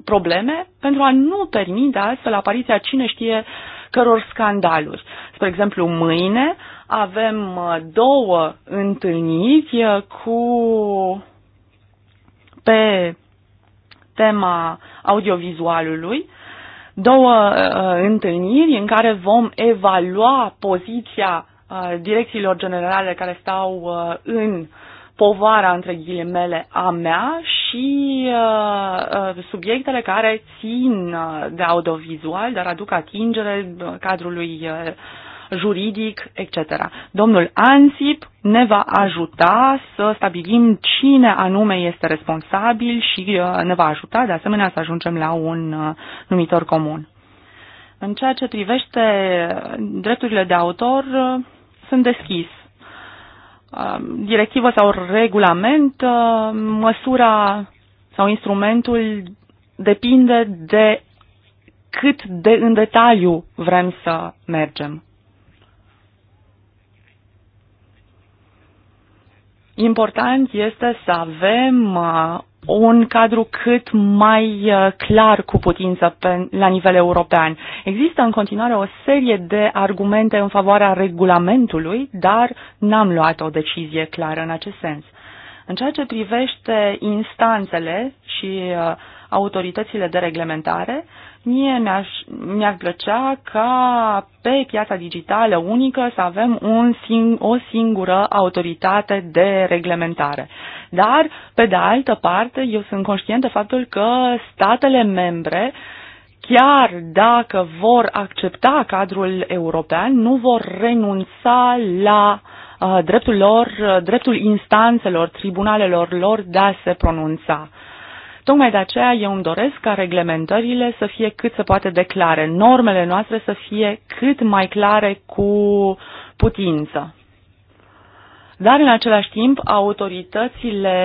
probleme pentru a nu permite astfel apariția cine știe căror scandaluri. Spre exemplu, mâine uh, avem uh, două întâlniri uh, cu pe tema audiovizualului, două uh, întâlniri în care vom evalua poziția uh, direcțiilor generale care stau uh, în povara, între ghilimele, a mea și uh, uh subiectele care țin de audiovizual, dar aduc atingere cadrului uh, juridic, etc. Domnul Ansip ne va ajuta să stabilim cine anume este responsabil și uh, ne va ajuta de asemenea să ajungem la un uh, numitor comun. În ceea ce privește drepturile de autor, uh, sunt deschis. Directivă sau regulament, măsura sau instrumentul depinde de cât de în detaliu vrem să mergem. Important este să avem uh, un cadru cât mai uh, clar cu putință pe, la nivel european. Există în continuare o serie de argumente în favoarea regulamentului, dar n-am luat o decizie clară în acest sens. În ceea ce privește instanțele și uh, autoritățile de reglementare, Mie mi-aș, mi-ar plăcea ca pe piața digitală unică să avem un sing- o singură autoritate de reglementare. Dar, pe de altă parte, eu sunt conștient de faptul că statele membre chiar dacă vor accepta cadrul european, nu vor renunța la uh, dreptul lor, uh, dreptul instanțelor, tribunalelor lor de a se pronunța. Tocmai de aceea eu îmi doresc ca reglementările să fie cât se poate de clare, normele noastre să fie cât mai clare cu putință. Dar în același timp, autoritățile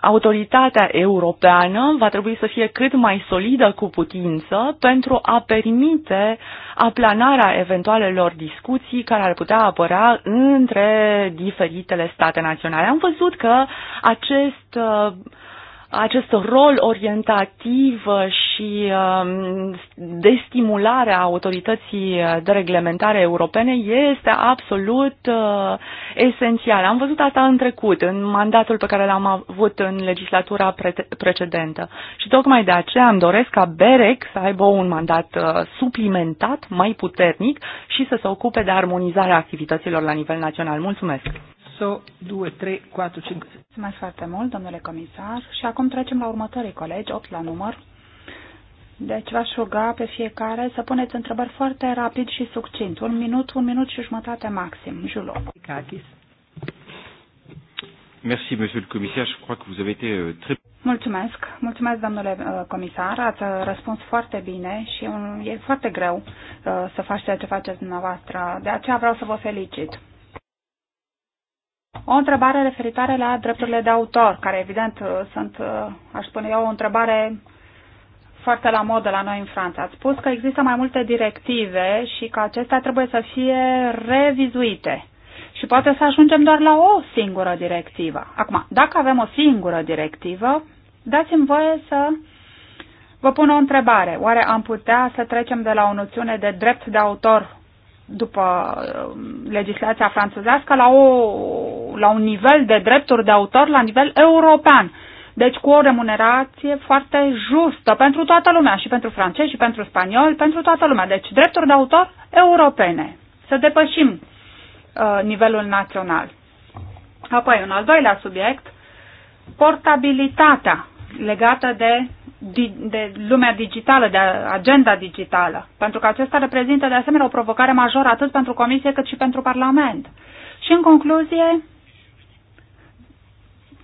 autoritatea europeană va trebui să fie cât mai solidă cu putință pentru a permite aplanarea eventualelor discuții care ar putea apărea între diferitele state naționale. Am văzut că acest acest rol orientativ uh, și um, de stimulare a autorității uh, de reglementare europene este absolut uh, esențial. Am văzut asta în trecut, în mandatul pe care l-am avut în legislatura pre- precedentă. Și tocmai de aceea îmi doresc ca BEREC să aibă un mandat suplimentat, mai puternic și să se ocupe de armonizarea activităților la nivel național. Mulțumesc! adesso 2, 3, 4, 5. Mulțumesc foarte mult, domnule comisar. Și acum trecem la următorii colegi, 8 la număr. Deci v-aș ruga pe fiecare să puneți întrebări foarte rapid și succint. Un minut, un minut și jumătate maxim. Julo. Merci, monsieur le commissar. Je crois que vous avez été euh, très... Mulțumesc. Mulțumesc, domnule uh, comisar. Ați uh, răspuns foarte bine și e foarte greu uh, să faci ceea ce faceți dumneavoastră. De aceea vreau să vă felicit. O întrebare referitoare la drepturile de autor, care evident sunt, aș spune eu, o întrebare foarte la modă la noi în Franța. Ați spus că există mai multe directive și că acestea trebuie să fie revizuite. Și poate să ajungem doar la o singură directivă. Acum, dacă avem o singură directivă, dați-mi voie să vă pun o întrebare. Oare am putea să trecem de la o noțiune de drept de autor după um, legislația franțuzească la, o, la un nivel de drepturi de autor la nivel european. Deci cu o remunerație foarte justă pentru toată lumea, și pentru francezi, și pentru spanioli, pentru toată lumea. Deci drepturi de autor europene. Să depășim uh, nivelul național. Apoi, un al doilea subiect, portabilitatea legată de de lumea digitală, de agenda digitală, pentru că acesta reprezintă de asemenea o provocare majoră atât pentru Comisie cât și pentru Parlament. Și în concluzie,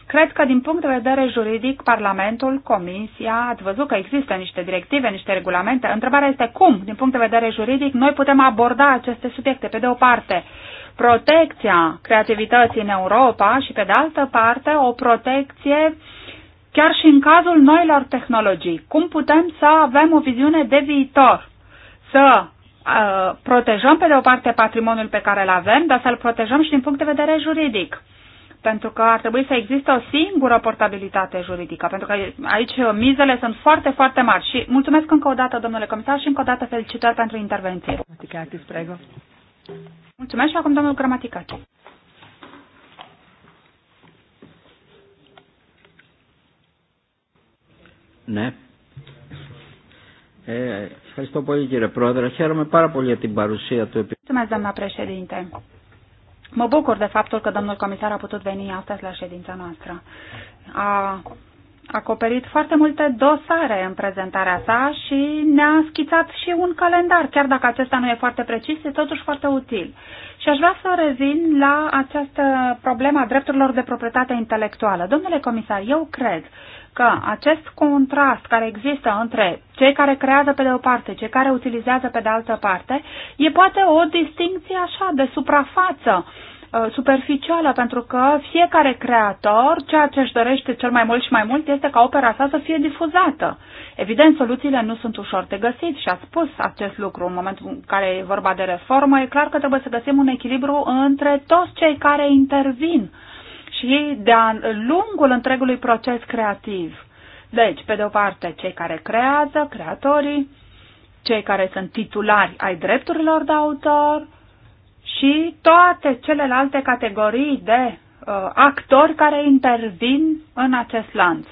cred că din punct de vedere juridic, Parlamentul, Comisia, ați văzut că există niște directive, niște regulamente. Întrebarea este cum, din punct de vedere juridic, noi putem aborda aceste subiecte. Pe de o parte, protecția creativității în Europa și, pe de altă parte, o protecție Chiar și în cazul noilor tehnologii, cum putem să avem o viziune de viitor? Să uh, protejăm pe de o parte patrimoniul pe care îl avem, dar să-l protejăm și din punct de vedere juridic pentru că ar trebui să existe o singură portabilitate juridică, pentru că aici mizele sunt foarte, foarte mari. Și mulțumesc încă o dată, domnule comisar, și încă o dată felicitări pentru intervenție. Mulțumesc și acum domnul Gramaticaci. Ναι. Ε, ευχαριστώ πολύ κύριε Πρόεδρε. Χαίρομαι πάρα πολύ για την παρουσία του Επιτροπή. președinte. Mă bucur de faptul că domnul comisar a putut veni astăzi la ședința noastră. A acoperit foarte multe dosare în prezentarea sa și ne-a schițat și un calendar, chiar dacă acesta nu e foarte precis, e totuși foarte util. Și aș vrea să revin la această problemă a drepturilor de proprietate intelectuală. Domnule comisar, eu cred că acest contrast care există între cei care creează pe de o parte, cei care utilizează pe de altă parte, e poate o distinție așa de suprafață, uh, superficială, pentru că fiecare creator, ceea ce își dorește cel mai mult și mai mult este ca opera sa să fie difuzată. Evident, soluțiile nu sunt ușor de găsit și a spus acest lucru în momentul în care e vorba de reformă. E clar că trebuie să găsim un echilibru între toți cei care intervin uh, și de-a lungul întregului proces creativ. Deci, pe de o parte, cei care creează, creatorii, cei care sunt titulari ai drepturilor de autor și toate celelalte categorii de uh, actori care intervin în acest lanț.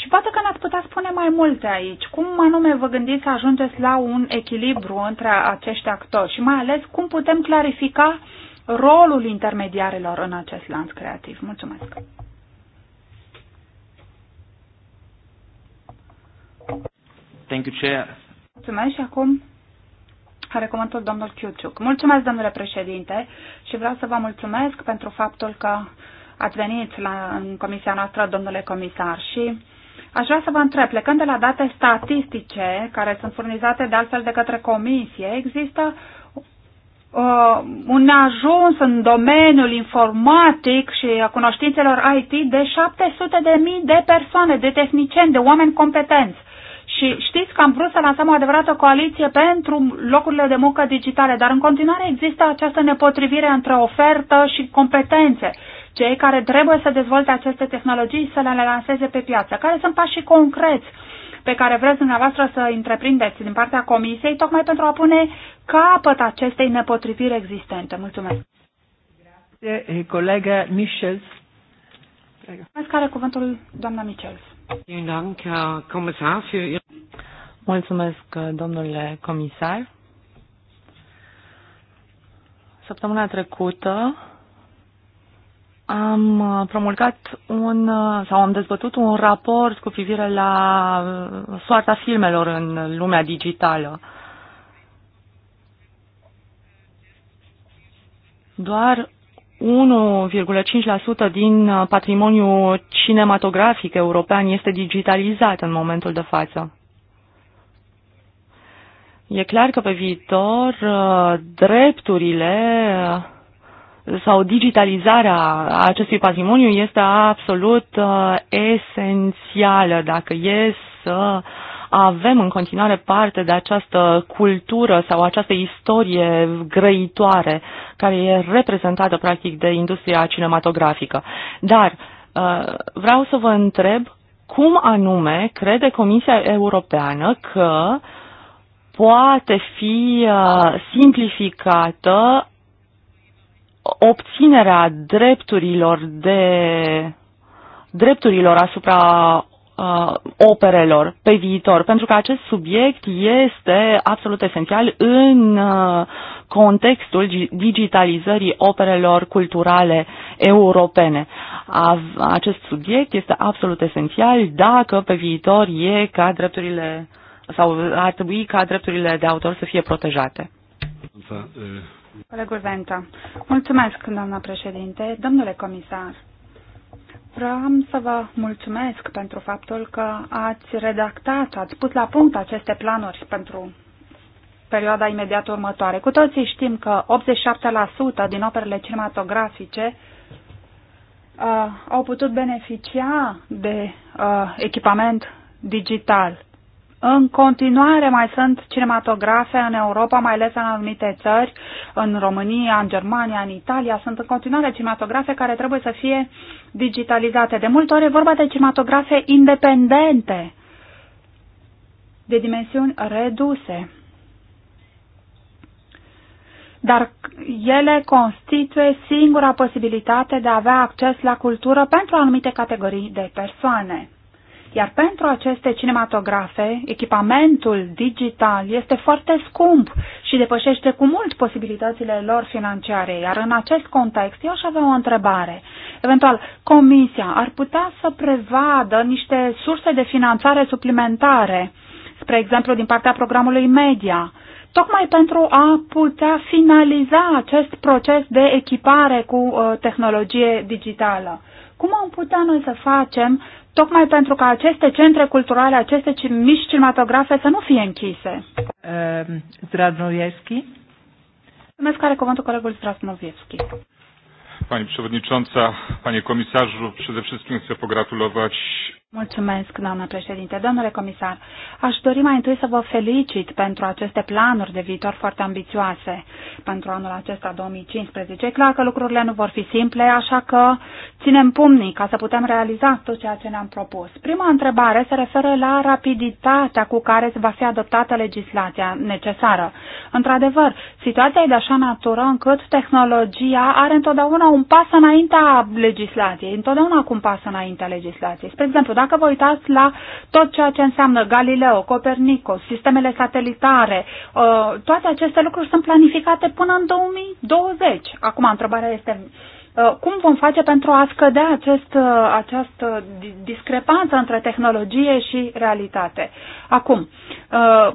Și poate că n ați putea spune mai multe aici. Cum anume vă gândiți să ajungeți la un echilibru între acești actori și mai ales cum putem clarifica uh, rolul intermediarilor în acest lanț creativ. Mulțumesc! Thank you, Chair. Mulțumesc și acum A recomandat domnul Chiuciuc. Mulțumesc, domnule președinte, și vreau să vă mulțumesc pentru faptul că ați venit la, în comisia noastră, domnule comisar, și Aș vrea să vă întreb, plecând de la date statistice care sunt furnizate de altfel de către comisie, există uh, un ajuns în domeniul informatic și a cunoștințelor IT de 700 de mii de persoane, de tehnicieni, de oameni competenți. Și știți că am vrut să lansăm o adevărată coaliție pentru locurile de muncă digitale, dar în continuare există această nepotrivire între ofertă și competențe. Cei care trebuie să dezvolte aceste tehnologii să le lanseze pe piață. Care sunt pașii concreți? Uh, pe care vreți dumneavoastră să întreprindeți din partea Comisiei, tocmai pentru a pune capăt acestei nepotriviri existente. Mulțumesc. Grazie, eh, colega Michels. Mulțumesc, care cuvântul doamna Michels. Mulțumesc, domnule comisar. Săptămâna trecută am uh, promulgat un, uh, sau am dezbătut un raport cu privire la uh, soarta filmelor în lumea digitală. Doar 1,5% din patrimoniul cinematografic european este digitalizat în momentul de față. E clar că pe viitor drepturile sau digitalizarea acestui patrimoniu este absolut uh, esențială dacă e să avem în continuare parte de această cultură sau această istorie grăitoare care e reprezentată practic de industria cinematografică. Dar uh, vreau să vă întreb cum anume crede Comisia Europeană că poate fi uh, simplificată obținerea drepturilor de drepturilor asupra uh, operelor pe viitor, pentru că acest subiect este absolut esențial în uh, contextul digitalizării operelor culturale europene. A, acest subiect este absolut esențial dacă pe viitor e ca drepturile sau ar trebui ca drepturile de autor să fie protejate. Uh, Colegul Venta. Mulțumesc, doamna președinte. Domnule comisar, vreau să vă mulțumesc pentru faptul că ați redactat, ați pus la punct aceste planuri pentru perioada imediat următoare. Cu toții știm că 87% din operele cinematografice uh, au putut beneficia de uh, echipament digital. În continuare mai sunt cinematografe în Europa, mai ales în anumite țări, în România, în Germania, în Italia. Sunt în continuare cinematografe care trebuie să fie digitalizate. De multe ori e vorba de cinematografe independente, de dimensiuni reduse. Dar ele constituie singura posibilitate de a avea acces la cultură pentru anumite categorii de persoane. Iar pentru aceste cinematografe, echipamentul digital este foarte scump și depășește cu mult posibilitățile lor financiare. Iar în acest context, eu aș avea o întrebare. Eventual, Comisia ar putea să prevadă niște surse de finanțare suplimentare, spre exemplu din partea programului media, tocmai pentru a putea finaliza acest proces de echipare cu uh, tehnologie digitală. Cum am putea noi să facem tocmai pentru ca aceste centre culturale, aceste mici cinematografe să nu fie închise. Ehm, Zdravnovieschi. Mulțumesc, care cuvântul colegul Strasnovieschi. Pani Przewodnicząca, Panie Komisarzu, przede wszystkim chcę pogratulować. Mulțumesc, doamnă președinte. Domnule comisar, aș dori mai întâi să vă felicit pentru aceste planuri de viitor foarte ambițioase pentru anul acesta 2015. E clar că lucrurile nu vor fi simple, așa că ținem pumnii ca să putem realiza tot ceea ce ne-am propus. Prima întrebare se referă la rapiditatea cu care va fi adoptată legislația necesară. Într-adevăr, situația e de așa natură încât tehnologia are întotdeauna un un pas înaintea legislației, întotdeauna cu un pas înaintea legislației. Spre exemplu, dacă vă uitați la tot ceea ce înseamnă Galileo, Copernicus, sistemele satelitare, uh, toate aceste lucruri sunt planificate până în 2020. Acum, întrebarea este, Uh, cum vom face pentru a scădea acest, uh, această discrepanță între tehnologie și realitate? Acum, uh,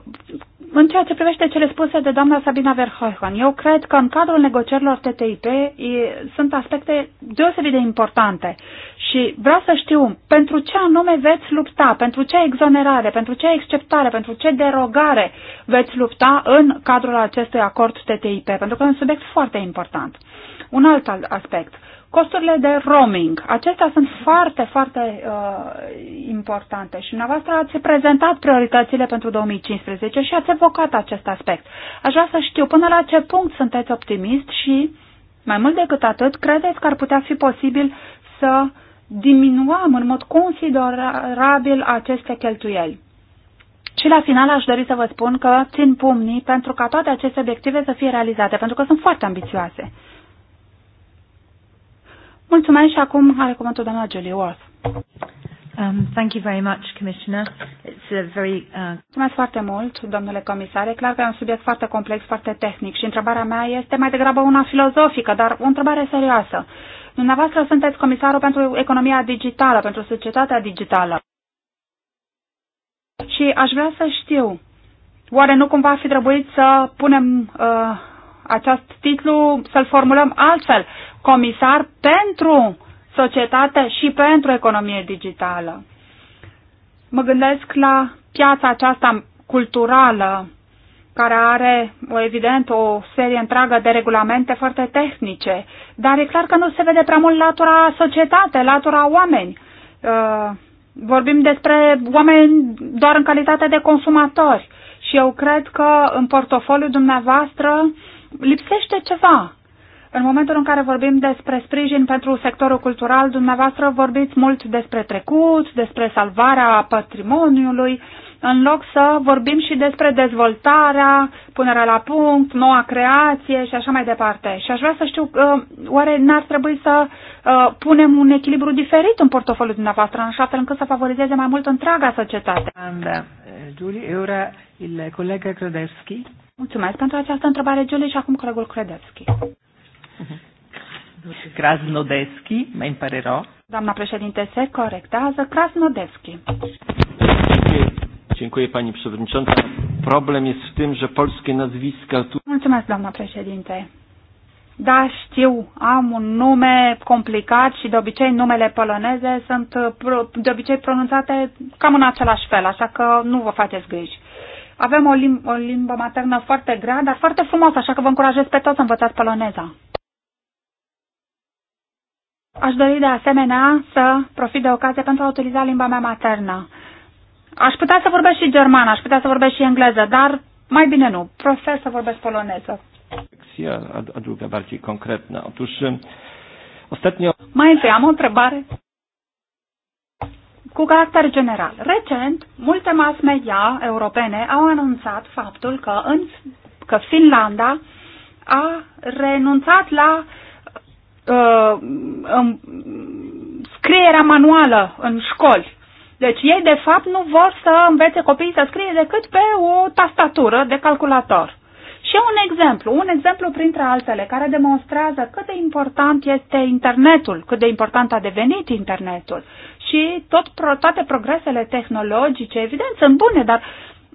în ceea ce privește cele spuse de doamna Sabina Verhoeven, eu cred că în cadrul negocierilor TTIP sunt aspecte deosebit de importante și vreau să știu pentru ce anume veți lupta, pentru ce exonerare, pentru ce exceptare, pentru ce derogare veți lupta în cadrul acestui acord TTIP, pentru că e un subiect foarte important. Un alt aspect. Costurile de roaming. Acestea sunt foarte, foarte uh, importante și dumneavoastră ați prezentat prioritățile pentru 2015 și ați evocat acest aspect. Aș vrea să știu până la ce punct sunteți optimist și, mai mult decât atât, credeți că ar putea fi posibil să diminuăm în mod considerabil aceste cheltuieli. Și la final aș dori să vă spun că țin pumnii pentru ca toate aceste obiective să fie realizate, pentru că sunt foarte ambițioase. Mulțumesc și acum are cuvântul doamna Julie Worth. Um, thank you very much, Commissioner. It's a very, uh... Mulțumesc foarte mult, domnule comisar. E clar că e un subiect foarte complex, foarte tehnic și întrebarea mea este mai degrabă una filozofică, dar o întrebare serioasă. Dumneavoastră sunteți comisarul pentru economia digitală, pentru societatea digitală. Și aș vrea să știu, oare nu cumva ar fi trebuit să punem uh, acest titlu să-l formulăm altfel, comisar pentru societate și pentru economie digitală. Mă gândesc la piața aceasta culturală, care are, o, evident, o serie întreagă de regulamente foarte tehnice, dar e clar că nu se vede prea mult latura societate, latura oameni. Uh, vorbim despre oameni doar în calitate de consumatori și eu cred că în portofoliul dumneavoastră uh, lipsește ceva. În momentul în care vorbim despre sprijin pentru sectorul cultural, dumneavoastră vorbiți mult despre trecut, despre salvarea patrimoniului, uh, în loc să vorbim și despre dezvoltarea, punerea la punct, noua creație și așa mai departe. Și aș vrea să știu, uh, oare n-ar trebui să uh, punem un echilibru diferit în portofoliul dumneavoastră, în așa fel încât să favorizeze mai mult întreaga societate? Anda, uh, Giulie, ora il colega Credevski. Mulțumesc pentru această întrebare, Giulie, și acum colegul Credevski. [LAUGHS] Krasnodeschi, mă îmi pare rău. Doamna președinte se corectează, Krasnodeschi. Dziękuję Pani Przewodnicząca. Problem jest w tym, że polskie nazwiska... Tu... Mulțumesc, doamna președinte. Da, știu, am un nume complicat și de obicei numele poloneze sunt de obicei pronunțate cam în același fel, așa că nu vă faceți griji. Avem o, lim- o limbă maternă foarte grea, dar foarte frumoasă, așa că vă încurajez pe toți să învățați poloneza. Aș dori de asemenea să profit de ocazie pentru a utiliza limba mea maternă. Aș putea să vorbesc și germană, aș putea să vorbesc și engleză, dar mai bine nu. Profes să vorbesc poloneză. A druga bardziej konkretna. Otóż ostatnio... Mai întâi am o întrebare cu caracter general. Recent, multe mass media europene au anunțat faptul că, în, că Finlanda a renunțat la uh, um, scrierea manuală în școli deci ei, de fapt, nu vor să învețe copiii să scrie decât pe o tastatură de calculator. Și un exemplu, un exemplu printre altele, care demonstrează cât de important este internetul, cât de important a devenit internetul. Și tot, toate progresele tehnologice, evident, sunt bune, dar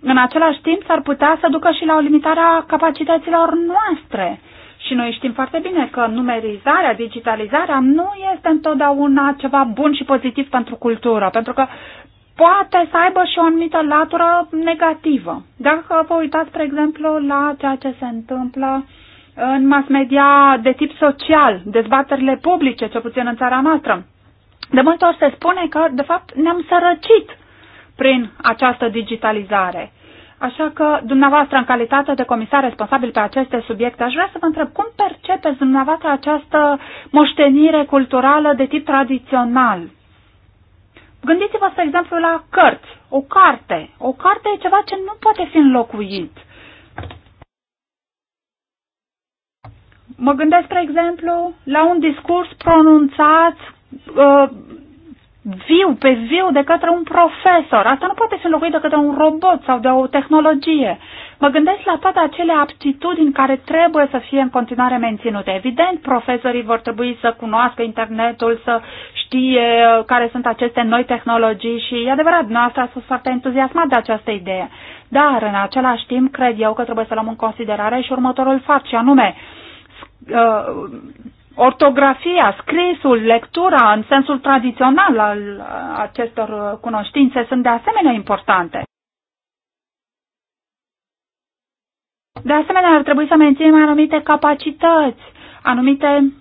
în același timp s-ar putea să ducă și la o limitare a capacităților noastre. Și noi știm foarte bine că numerizarea, digitalizarea nu este întotdeauna ceva bun și pozitiv pentru cultură, pentru că poate să aibă și o anumită latură negativă. Dacă vă uitați, spre exemplu, la ceea ce se întâmplă în mass media de tip social, dezbaterile publice, ce puțin în țara noastră, de multe ori se spune că, de fapt, ne-am sărăcit prin această digitalizare. Așa că, dumneavoastră, în calitate de comisar responsabil pe aceste subiecte, aș vrea să vă întreb cum percepeți dumneavoastră această moștenire culturală de tip tradițional? Gândiți-vă, spre exemplu, la cărți, o carte. O carte e ceva ce nu poate fi înlocuit. Mă gândesc, spre exemplu, la un discurs pronunțat uh, viu, pe viu, de către un profesor. Asta nu poate fi înlocuit de către un robot sau de o tehnologie. Mă gândesc la toate acele aptitudini care trebuie să fie în continuare menținute. Evident, profesorii vor trebui să cunoască internetul, să știe uh, care sunt aceste noi tehnologii și, e adevărat, noastră a fost foarte entuziasmat de această idee. Dar, în același timp, cred eu că trebuie să luăm în considerare și următorul fapt, și anume, uh, ortografia, scrisul, lectura în sensul tradițional al acestor cunoștințe sunt de asemenea importante. De asemenea, ar trebui să menținem anumite capacități, anumite,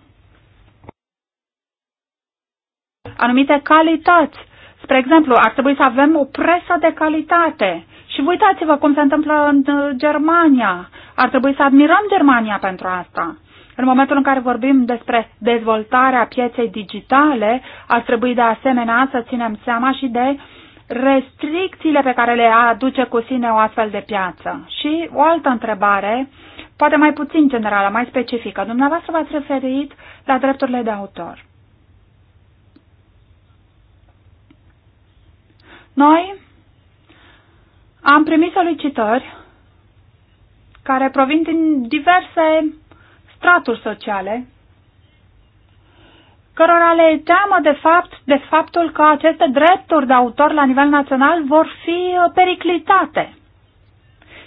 anumite calități. Spre exemplu, ar trebui să avem o presă de calitate. Și uitați-vă cum se întâmplă în Germania. Ar trebui să admirăm Germania pentru asta. În momentul în care vorbim despre dezvoltarea pieței digitale, ar trebui de asemenea să ținem seama și de restricțiile pe care le aduce cu sine o astfel de piață. Și o altă întrebare, poate mai puțin generală, mai specifică. Dumneavoastră v-ați referit la drepturile de autor. Noi am primit solicitări care provin din diverse straturi sociale, cărora le teamă de fapt de faptul că aceste drepturi de autor la nivel național vor fi uh, periclitate.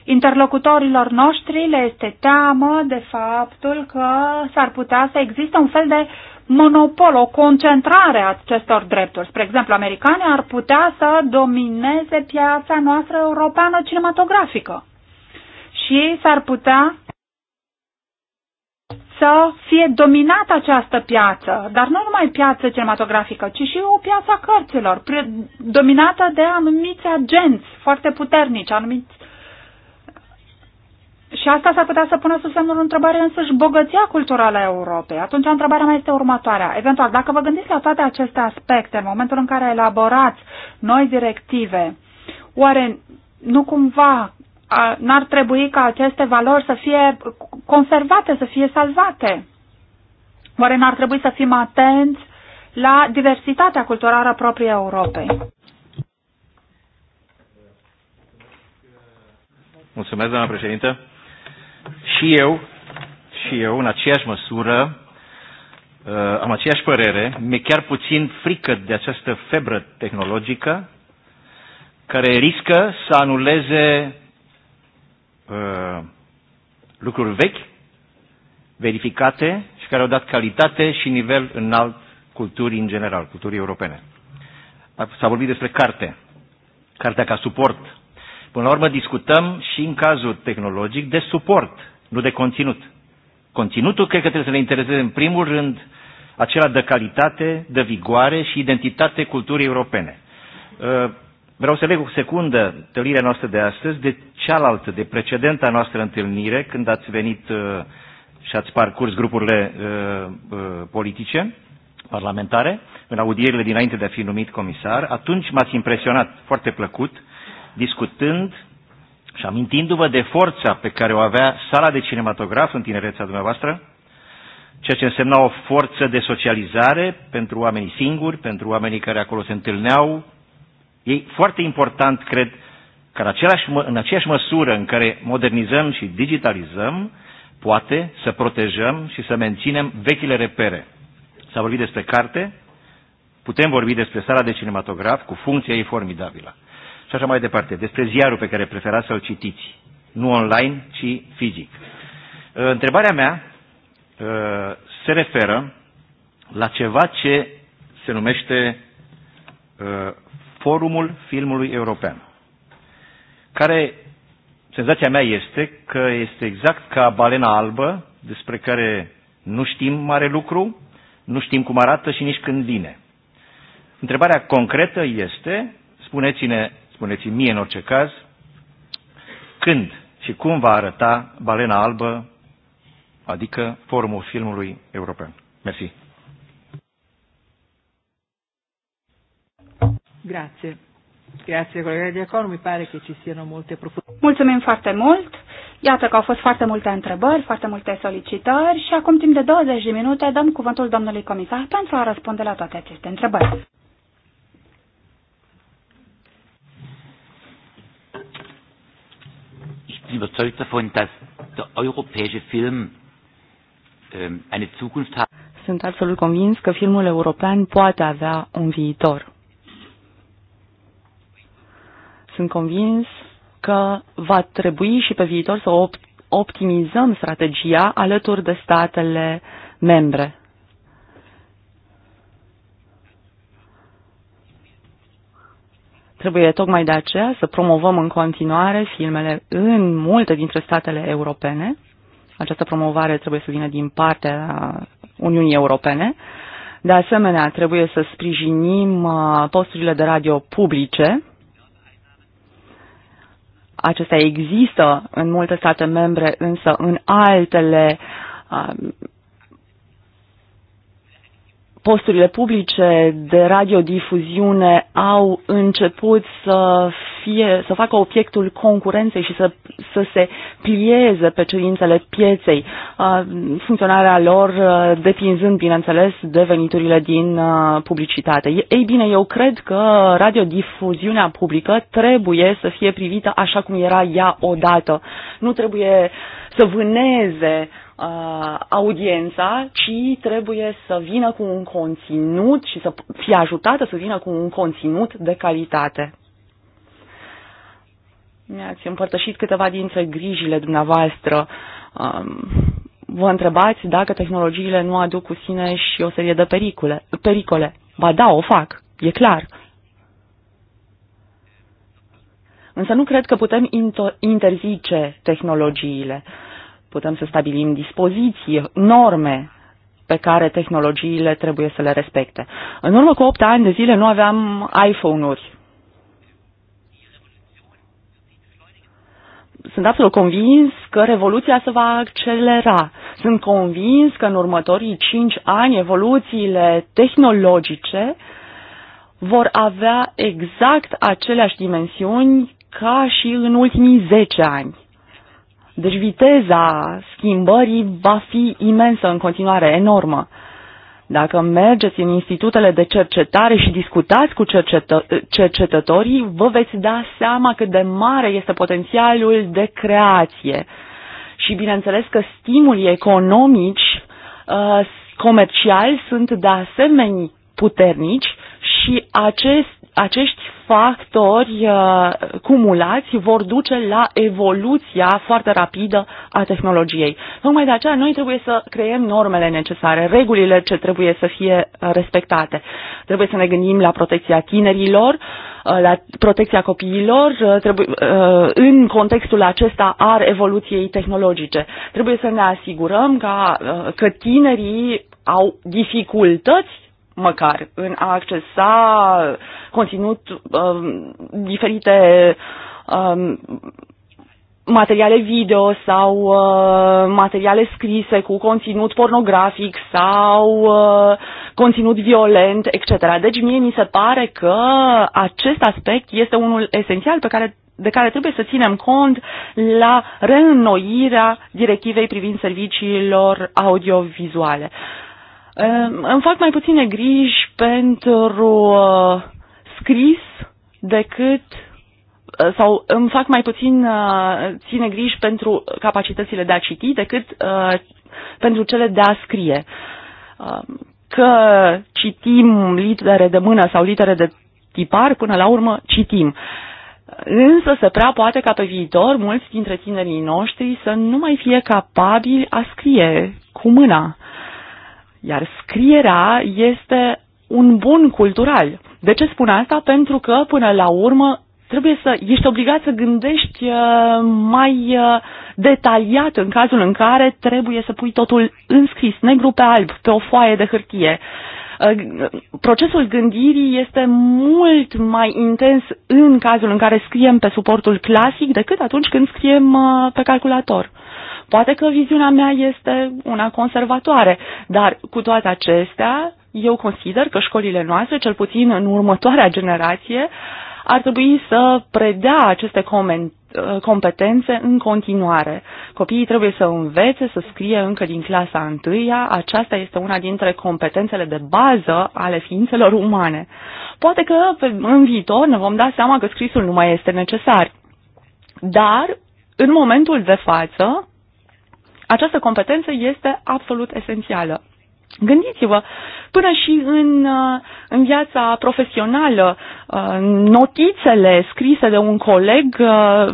Interlocutorilor noștri le este teamă de faptul că s-ar putea să existe un fel de monopol, o concentrare a acestor drepturi. Spre exemplu, americanii ar putea să domineze piața noastră europeană cinematografică și s-ar putea să fie dominată această piață, dar nu numai piață cinematografică, ci și o piață a cărților, dominată de anumiți agenți foarte puternici, anumiți și asta s-ar putea să pună sub semnul întrebare însăși bogăția culturală a Europei. Atunci întrebarea mea este următoarea. Eventual, dacă vă gândiți la toate aceste aspecte în momentul în care elaborați noi directive, oare nu cumva n-ar trebui ca aceste valori să fie conservate, să fie salvate? Oare n-ar trebui să fim atenți la diversitatea culturală a propriei Europei? Mulțumesc, doamna președintă. Și eu, și eu, în aceeași măsură, uh, am aceeași părere, mi-e chiar puțin frică de această febră tehnologică care riscă să anuleze Uh, lucruri vechi, verificate și care au dat calitate și nivel înalt culturii în general, culturii europene. S-a vorbit despre carte, cartea ca suport. Până la urmă discutăm și în cazul tehnologic de suport, nu de conținut. Conținutul cred că trebuie să ne intereseze în primul rând acela de calitate, de vigoare și identitate culturii europene. Uh, Vreau să leg o secundă întâlnirea noastră de astăzi de cealaltă, de precedenta noastră întâlnire, când ați venit uh, și ați parcurs grupurile uh, uh, politice, parlamentare, în audierile dinainte de a fi numit comisar. Atunci m-ați impresionat foarte plăcut, discutând și amintindu-vă de forța pe care o avea sala de cinematograf în tinerețea dumneavoastră, ceea ce însemna o forță de socializare pentru oamenii singuri, pentru oamenii care acolo se întâlneau, E foarte important, cred, că în, același, în aceeași măsură în care modernizăm și digitalizăm, poate să protejăm și să menținem vechile repere. S-a vorbit despre carte, putem vorbi despre sala de cinematograf cu funcția ei formidabilă. Și așa mai departe, despre ziarul pe care preferați să-l citiți, nu online, ci fizic. Uh, întrebarea mea uh, se referă la ceva ce se numește uh, Forumul Filmului European, care senzația mea este că este exact ca balena albă, despre care nu știm mare lucru, nu știm cum arată și nici când vine. Întrebarea concretă este, spuneți-ne, spuneți-mi mie în orice caz, când și cum va arăta balena albă, adică forumul filmului european. Mersi. Grazie. Grazie, colega Diaconu. Mi pare che ci siano molte profunde. Mulțumim foarte mult. Iată că au fost foarte multe întrebări, foarte multe solicitări și acum timp de 20 de minute dăm cuvântul domnului comisar pentru a răspunde la toate aceste întrebări. Ähm, Sunt absolut convins că filmul european poate avea un viitor. sunt convins că va trebui și pe viitor să optimizăm strategia alături de statele membre. Trebuie tocmai de aceea să promovăm în continuare filmele în multe dintre statele europene. Această promovare trebuie să vină din partea Uniunii Europene. De asemenea, trebuie să sprijinim uh, posturile de radio publice Acestea există în multe state membre, însă în altele um, posturile publice de radiodifuziune au început să, fie, să facă obiectul concurenței și să, să se plieze pe cerințele pieței, funcționarea lor depinzând, bineînțeles, de veniturile din publicitate. Ei bine, eu cred că radiodifuziunea publică trebuie să fie privită așa cum era ea odată. Nu trebuie să vâneze uh, audiența, ci trebuie să vină cu un conținut și să fie ajutată să vină cu un conținut de calitate. Mi-ați împărtășit câteva dintre grijile dumneavoastră. Um, vă întrebați dacă tehnologiile nu aduc cu sine și o serie de pericole. pericole. Ba da, o fac, e clar. Însă nu cred că putem interzice tehnologiile. Uh, Putem să stabilim dispoziții, norme pe care tehnologiile trebuie să le respecte. În urmă cu 8 ani de zile nu aveam iPhone-uri. Sunt absolut convins că revoluția se va accelera. Sunt convins că în următorii 5 ani evoluțiile tehnologice vor avea exact aceleași dimensiuni ca și în ultimii 10 ani. Deci viteza schimbării va fi imensă în continuare, enormă. Dacă mergeți în institutele de cercetare și discutați cu cercetă- cercetătorii, vă veți da seama cât de mare este potențialul de creație. Și bineînțeles că stimulii economici, uh, comerciali sunt de asemenea puternici și acest, acești factori uh, cumulați vor duce la evoluția foarte rapidă a tehnologiei. Tocmai de aceea noi trebuie să creăm normele necesare, regulile ce trebuie să fie uh, respectate. Trebuie să ne gândim la protecția tinerilor, uh, la protecția copiilor trebuie, în contextul acesta al evoluției tehnologice. Trebuie să ne asigurăm ca, că tinerii au dificultăți măcar în a accesa conținut um, diferite um, materiale video sau uh, materiale scrise cu conținut pornografic sau uh, conținut violent, etc. Deci mie mi se pare că acest aspect este unul esențial pe care, de care trebuie să ținem cont la reînnoirea directivei privind serviciilor audiovizuale. Uh, îmi fac mai puține griji pentru uh, scris decât uh, sau îmi fac mai puțin uh, ține griji pentru capacitățile de a citi decât pentru cele de a scrie. Că citim litere de mână sau litere de tipar, până la urmă citim. Însă se prea poate ca pe viitor mulți dintre tinerii noștri să nu mai fie capabili a scrie cu mâna. Uh, iar scrierea este un bun cultural. De ce spun asta? Pentru că, până la urmă, trebuie să ești obligat să gândești uh, mai uh, detaliat în cazul în care trebuie să pui totul înscris, negru pe alb, pe o foaie de hârtie. Uh, procesul gândirii este mult mai intens în cazul în care scriem pe suportul clasic decât atunci când scriem pe calculator. Poate că viziunea mea este una conservatoare, dar cu toate acestea, eu consider că școlile noastre, cel puțin în următoarea generație, ar trebui să predea aceste competențe în continuare. Copiii trebuie să învețe să scrie încă din clasa întâia. Aceasta este una dintre competențele de bază ale ființelor umane. Poate că în viitor ne vom da seama că scrisul nu mai este necesar. Dar, în momentul de față, această competență este absolut esențială. Gândiți-vă, până și în, uh, în viața profesională, uh, notițele scrise de un coleg uh,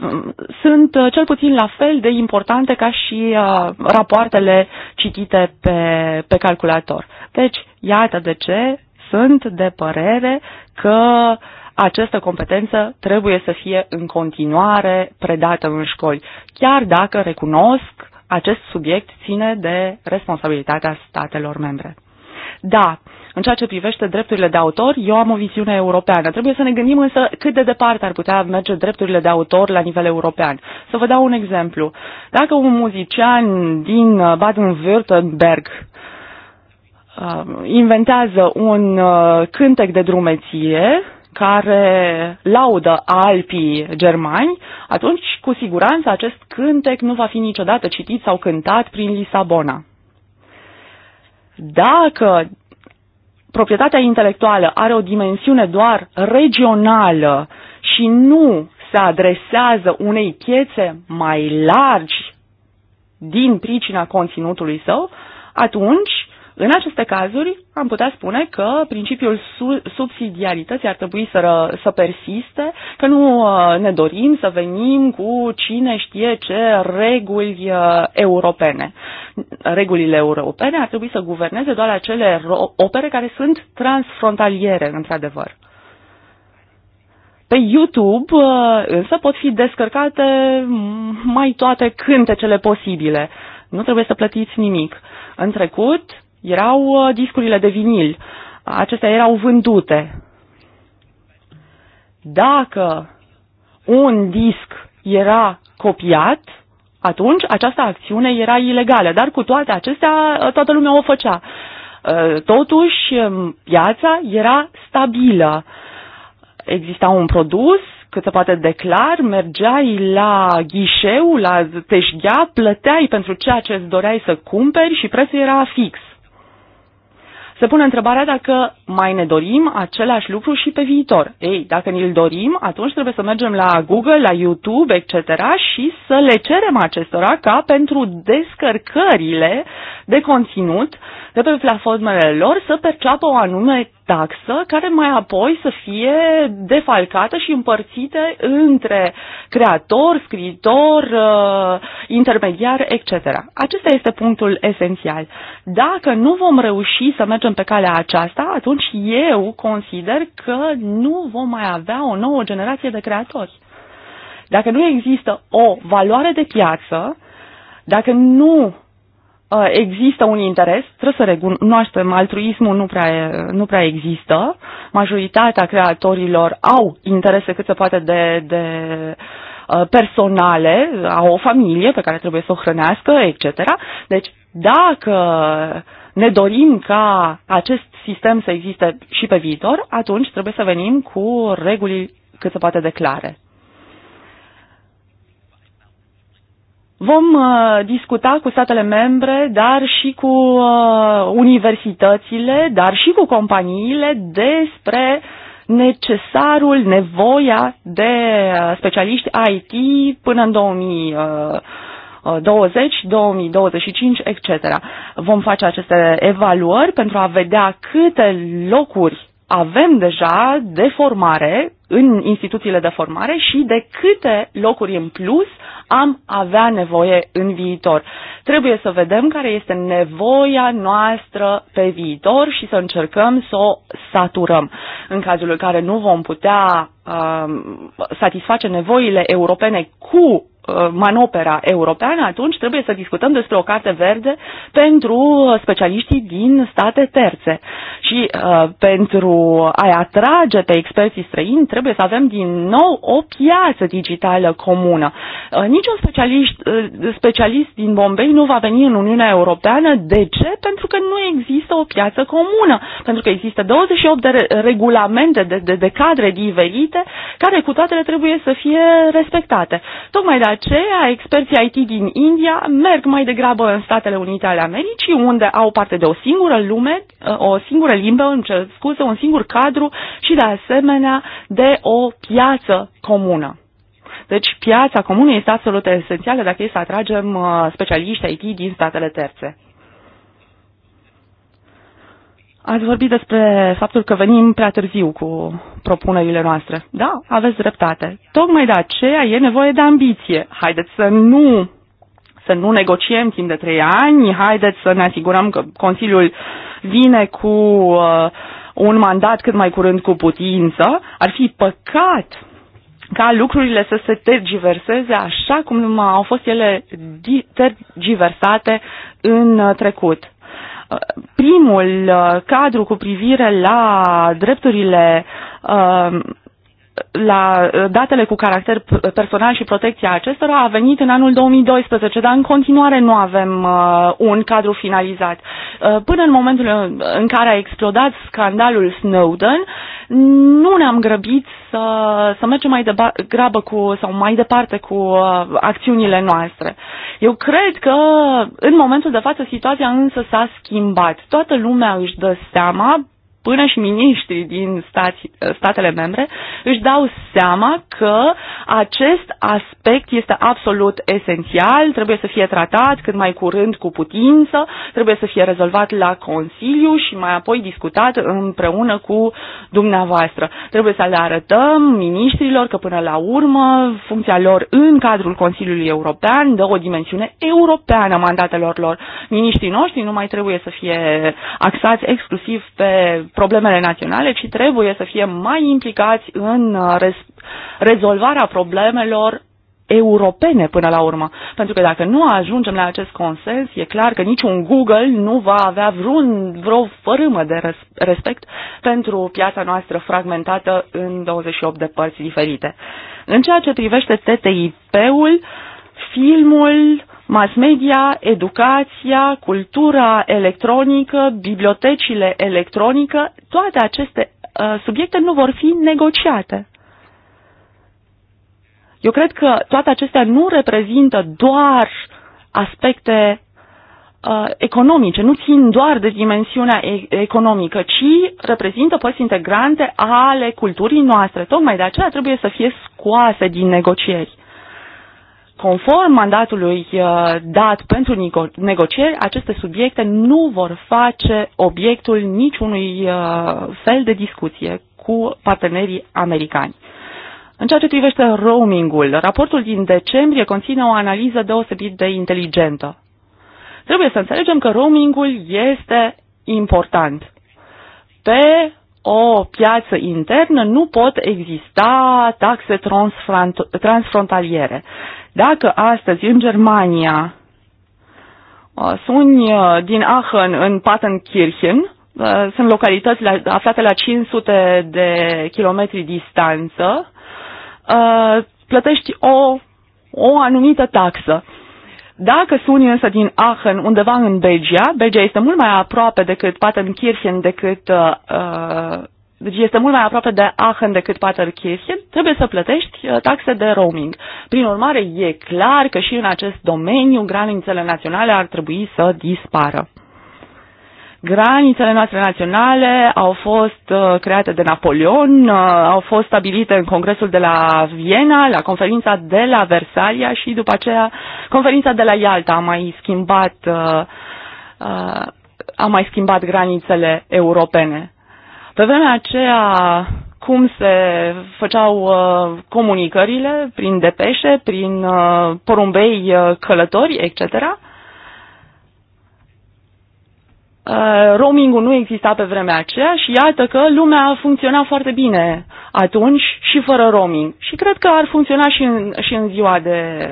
sunt cel puțin la fel de importante ca și rapoartele citite pe, pe calculator. Deci, iată de ce sunt de părere că această competență trebuie să fie în continuare predată în școli, chiar dacă recunosc acest subiect ține de responsabilitatea statelor membre. Da, în ceea ce privește drepturile de autor, eu am o viziune europeană. Trebuie să ne gândim însă cât de departe ar putea merge drepturile de autor la nivel european. Să vă dau un exemplu. Dacă un muzician din Baden-Württemberg uh, inventează un uh, cântec de drumeție, care laudă alpii germani, atunci cu siguranță acest cântec nu va fi niciodată citit sau cântat prin Lisabona. Dacă proprietatea intelectuală are o dimensiune doar regională și nu se adresează unei piețe mai largi din pricina conținutului său, atunci în aceste cazuri, am putea spune că principiul subsidiarității ar trebui să, ră, să persiste, că nu uh, ne dorim să venim cu cine știe ce reguli uh, europene. Regulile europene ar trebui să guverneze doar acele opere care sunt transfrontaliere, într-adevăr. Pe YouTube uh, însă pot fi descărcate mai toate cântecele posibile. Nu trebuie să plătiți nimic. În trecut, erau uh, discurile de vinil. Acestea erau vândute. Dacă un disc era copiat, atunci această acțiune era ilegală, dar cu toate acestea uh, toată lumea o făcea. Uh, totuși, um, piața era stabilă. Exista un produs cât se poate declar, mergeai la ghișeu, la teșghea, plăteai pentru ceea ce îți doreai să cumperi și prețul era fix se pune întrebarea dacă mai ne dorim același lucru și pe viitor. Ei, dacă ni-l dorim, atunci trebuie să mergem la Google, la YouTube, etc. și să le cerem acestora ca pentru descărcările de conținut de pe platformele lor să perceapă o anume taxă care mai apoi să fie defalcată și împărțită între creator, scriitor, uh, intermediar, etc. Acesta este punctul esențial. Dacă nu vom reuși să mergem pe calea aceasta, atunci eu consider că nu vom mai avea o nouă generație de creatori. Dacă nu există o valoare de piață, dacă nu Uh, există un interes, trebuie să recunoaștem, altruismul nu prea, nu prea există, majoritatea creatorilor au interese cât se poate de, de uh, personale, au o familie pe care trebuie să o hrănească, etc. Deci, dacă ne dorim ca acest sistem să existe și pe viitor, atunci trebuie să venim cu reguli cât se poate de clare. Vom uh, discuta cu statele membre, dar și cu uh, universitățile, dar și cu companiile despre necesarul, nevoia de uh, specialiști IT până în 2020 2025, etc. Vom face aceste evaluări pentru a vedea câte locuri avem deja de formare în instituțiile de formare și de câte locuri în plus am avea nevoie în viitor. Trebuie să vedem care este nevoia noastră pe viitor și să încercăm să o saturăm. În cazul în care nu vom putea uh, satisface nevoile europene cu Uh, manopera europeană, atunci trebuie să discutăm despre o carte verde pentru specialiștii din state terțe. Și uh, pentru a-i atrage pe experții străini, trebuie să avem din nou o piață digitală comună. Uh, niciun specialist, uh, specialist din Bombay nu va veni în Uniunea Europeană. De ce? Pentru că nu există o piață comună. Pentru că există 28 de re- regulamente, de, de, de cadre diferite, care cu toate trebuie să fie respectate. Tocmai de aceea, experții IT din India merg mai degrabă în Statele Unite ale Americii, unde au parte de o singură lume, o singură limbă, îmi cer scuze, un singur cadru și, de asemenea, de o piață comună. Deci piața comună este absolut esențială dacă e să atragem uh, specialiști IT din statele terțe. Ați vorbit despre faptul că venim prea târziu cu propunerile noastre. Da, aveți dreptate. Tocmai de aceea e nevoie de ambiție. Haideți să nu să nu negociem timp de trei ani, haideți să ne asigurăm că Consiliul vine cu uh, un mandat cât mai curând cu putință. Ar fi păcat ca lucrurile să se tergiverseze așa cum au fost ele tergiversate în trecut primul uh, cadru cu privire la drepturile uh, la uh, datele cu caracter personal și protecția acestora a venit în anul 2012, dar în continuare nu avem uh, un cadru finalizat. Uh, până în momentul în care a explodat scandalul Snowden, nu ne-am grăbit să, să mergem mai degrabă cu, sau mai departe cu uh, acțiunile noastre. Eu cred că în momentul de față situația însă s-a schimbat. Toată lumea își dă seama până și miniștrii din stați, statele membre își dau seama că acest aspect este absolut esențial, trebuie să fie tratat cât mai curând cu putință, trebuie să fie rezolvat la Consiliu și mai apoi discutat împreună cu dumneavoastră. Trebuie să le arătăm miniștrilor că până la urmă funcția lor în cadrul Consiliului European dă o dimensiune europeană mandatelor lor. Miniștrii noștri nu mai trebuie să fie axați exclusiv pe problemele naționale, ci trebuie să fie mai implicați în uh, rezolvarea problemelor europene până la urmă. Pentru că dacă nu ajungem la acest consens, e clar că niciun Google nu va avea vreun, vreo fărâmă de respect pentru piața noastră fragmentată în 28 de părți diferite. În ceea ce privește TTIP-ul, filmul mass media, educația, cultura electronică, bibliotecile electronică, toate aceste uh, subiecte nu vor fi negociate. Eu cred că toate acestea nu reprezintă doar aspecte uh, economice, nu țin doar de dimensiunea economică, ci reprezintă părți integrante ale culturii noastre. Tocmai de aceea trebuie să fie scoase din negocieri conform mandatului uh, dat pentru negocieri, aceste subiecte nu vor face obiectul niciunui uh, fel de discuție cu partenerii americani. În ceea ce privește roamingul, raportul din decembrie conține o analiză deosebit de inteligentă. Trebuie să înțelegem că roamingul este important. Pe o piață internă nu pot exista taxe transfrontaliere. Dacă astăzi în Germania uh, suni uh, din Aachen în Patenkirchen, uh, sunt localități aflate la 500 de kilometri distanță, plătești o, o anumită taxă. Dacă suni însă din Aachen undeva în Belgia, Belgia este mult mai aproape decât Patenkirchen, decât uh, deci este mult mai aproape de Aachen decât Paterkirchen, trebuie să plătești uh, taxe de roaming. Prin urmare, e clar că și în acest domeniu granițele naționale ar trebui să dispară. Granițele noastre naționale au fost uh, create de Napoleon, uh, au fost stabilite în Congresul de la Viena, la conferința de la Versalia și după aceea conferința de la Ialta a mai schimbat, uh, uh, a mai schimbat granițele europene. Pe vremea aceea, cum se făceau uh, comunicările prin depeșe, prin uh, porumbei uh, călători, etc., uh, roamingul nu exista pe vremea aceea și iată că lumea funcționa foarte bine atunci și fără roaming. Și cred că ar funcționa și în, și în ziua de,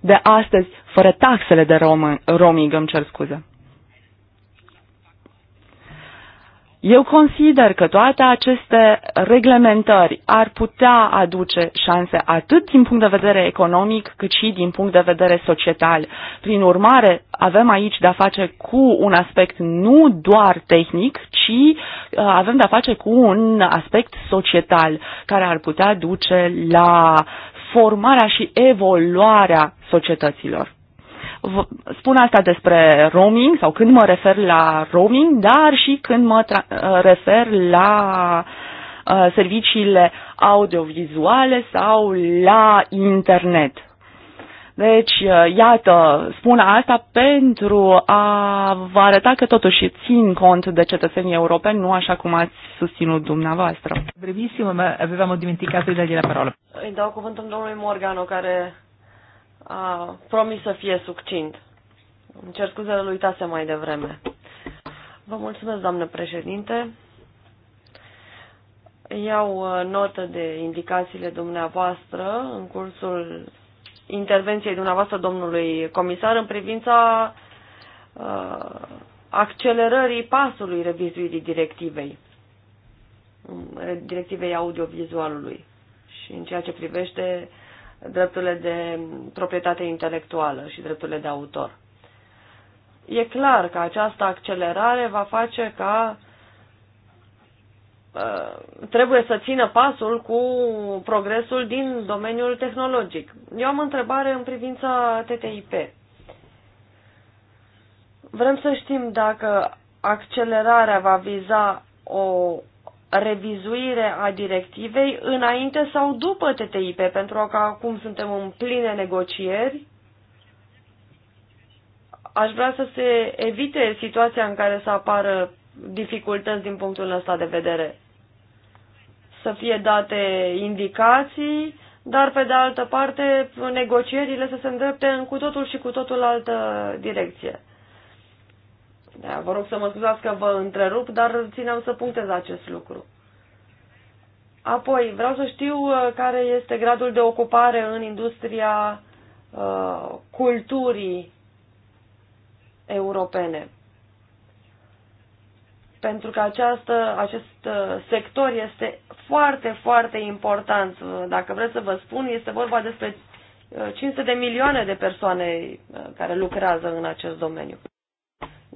de astăzi, fără taxele de roaming, îmi cer scuze. Eu consider că toate aceste reglementări ar putea aduce șanse atât din punct de vedere economic cât și din punct de vedere societal. Prin urmare, avem aici de-a face cu un aspect nu doar tehnic, ci uh, avem de-a face cu un aspect societal care ar putea duce la formarea și evoluarea societăților spun asta despre roaming sau când mă refer la roaming, dar și când mă uh, refer la uh, serviciile audiovizuale sau la internet. Deci, uh, iată, spun asta pentru a vă arăta că totuși țin cont de cetățenii europeni, nu așa cum ați susținut dumneavoastră. Brevissimo, ma o dimenticată de la parola. Îi dau cuvântul domnului Morgano, care a, promis să fie succint. Îmi cer scuze, îl uitase mai devreme. Vă mulțumesc, doamnă președinte. Iau uh, notă de indicațiile dumneavoastră în cursul intervenției dumneavoastră, domnului comisar, în privința uh, accelerării pasului revizuirii directivei, mm, directivei audiovizualului și în ceea ce privește uh, drepturile de proprietate intelectuală și drepturile de autor. E clar că această accelerare va face ca uh, trebuie să țină pasul cu progresul din domeniul tehnologic. Eu am întrebare în privința TTIP. Vrem să știm dacă accelerarea va viza o revizuire a directivei înainte sau după TTIP, pentru că acum suntem în pline negocieri. Aș vrea să se evite situația în care să apară dificultăți din punctul ăsta de vedere. Să fie date indicații, dar pe de altă parte negocierile să se îndrepte în cu totul și cu totul altă direcție. Da, vă rog să mă scuzați că vă întrerup, dar țineam să punctez acest lucru. Apoi, vreau să știu uh, care este gradul de ocupare în industria uh, culturii europene. Pentru că această, acest uh, sector este foarte, foarte important. Uh, dacă vreți să vă spun, este vorba despre 500 de milioane de persoane care lucrează în acest domeniu.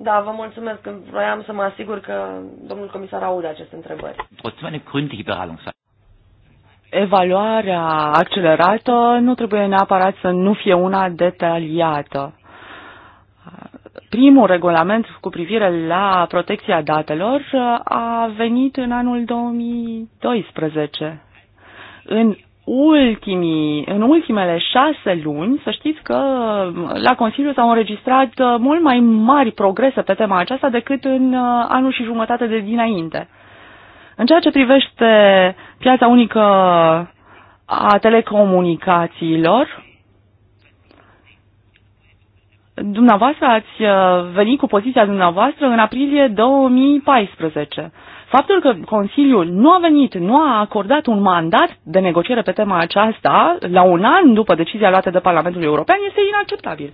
Da, vă mulțumesc. Vroiam să mă asigur că domnul comisar aude aceste întrebări. Evaluarea accelerată nu trebuie neapărat să nu fie una detaliată. Primul regulament cu privire la protecția datelor a venit în anul 2012. În ultimii, în ultimele șase luni, să știți că la Consiliu s-au înregistrat uh, mult mai mari progrese pe tema aceasta decât în uh, anul și jumătate de dinainte. În ceea ce privește piața unică a telecomunicațiilor, dumneavoastră ați uh, venit cu poziția dumneavoastră în aprilie 2014. Faptul că Consiliul nu a venit, nu a acordat un mandat de negociere pe tema aceasta la un an după decizia luată de Parlamentul European este inacceptabil.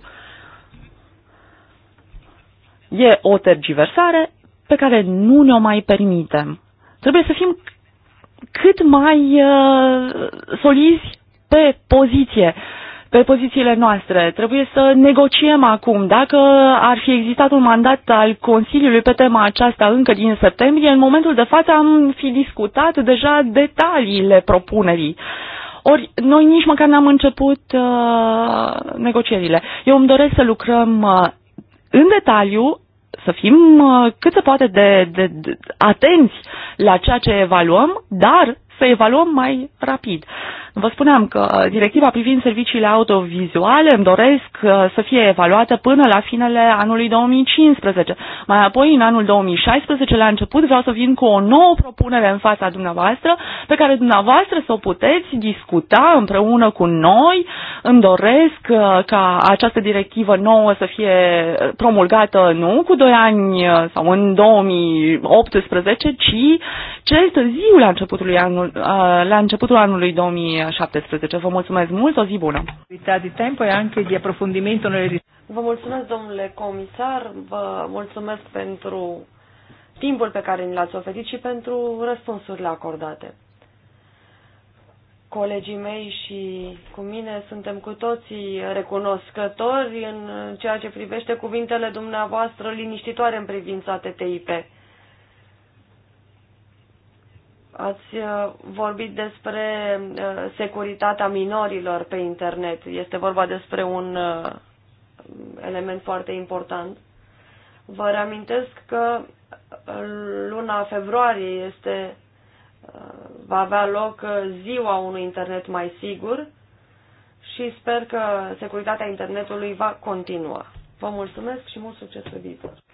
E o tergiversare pe care nu ne-o mai permitem. Trebuie să fim cât mai uh, solizi pe poziție. Uh, pe pozițiile noastre. Trebuie să negociem acum. Dacă ar fi existat un mandat al Consiliului pe tema aceasta încă din septembrie, în momentul de față am fi discutat deja detaliile propunerii. Ori noi nici măcar n-am început uh, negocierile. Eu îmi doresc să lucrăm uh, în detaliu, să fim uh, cât se poate de, de, de atenți la ceea ce evaluăm, dar să evaluăm mai rapid. Uh, Vă spuneam că uh, directiva privind serviciile autovizuale îmi doresc uh, să fie evaluată până la finele anului 2015. Mai apoi, în anul 2016, la început, vreau să vin cu o nouă propunere în fața dumneavoastră, pe care dumneavoastră să o puteți discuta împreună cu noi. Îmi doresc uh, ca această directivă nouă să fie promulgată nu cu 2 ani sau în 2018, ci cel târziu la începutul anului, la începutul anului 2000 2017. Vă mulțumesc mult, o zi bună! de Vă mulțumesc, domnule comisar, vă mulțumesc pentru timpul pe care ni l-ați oferit și pentru răspunsurile acordate. Colegii mei și cu mine suntem cu toții recunoscători în ceea ce privește cuvintele dumneavoastră liniștitoare în privința TTIP. Ați uh, vorbit despre uh, securitatea minorilor pe internet. Este vorba despre un uh, element foarte important. Vă reamintesc că luna februarie este, va avea loc ziua unui internet mai sigur și sper că securitatea internetului va continua. Vă mulțumesc și mult succes pe viitor!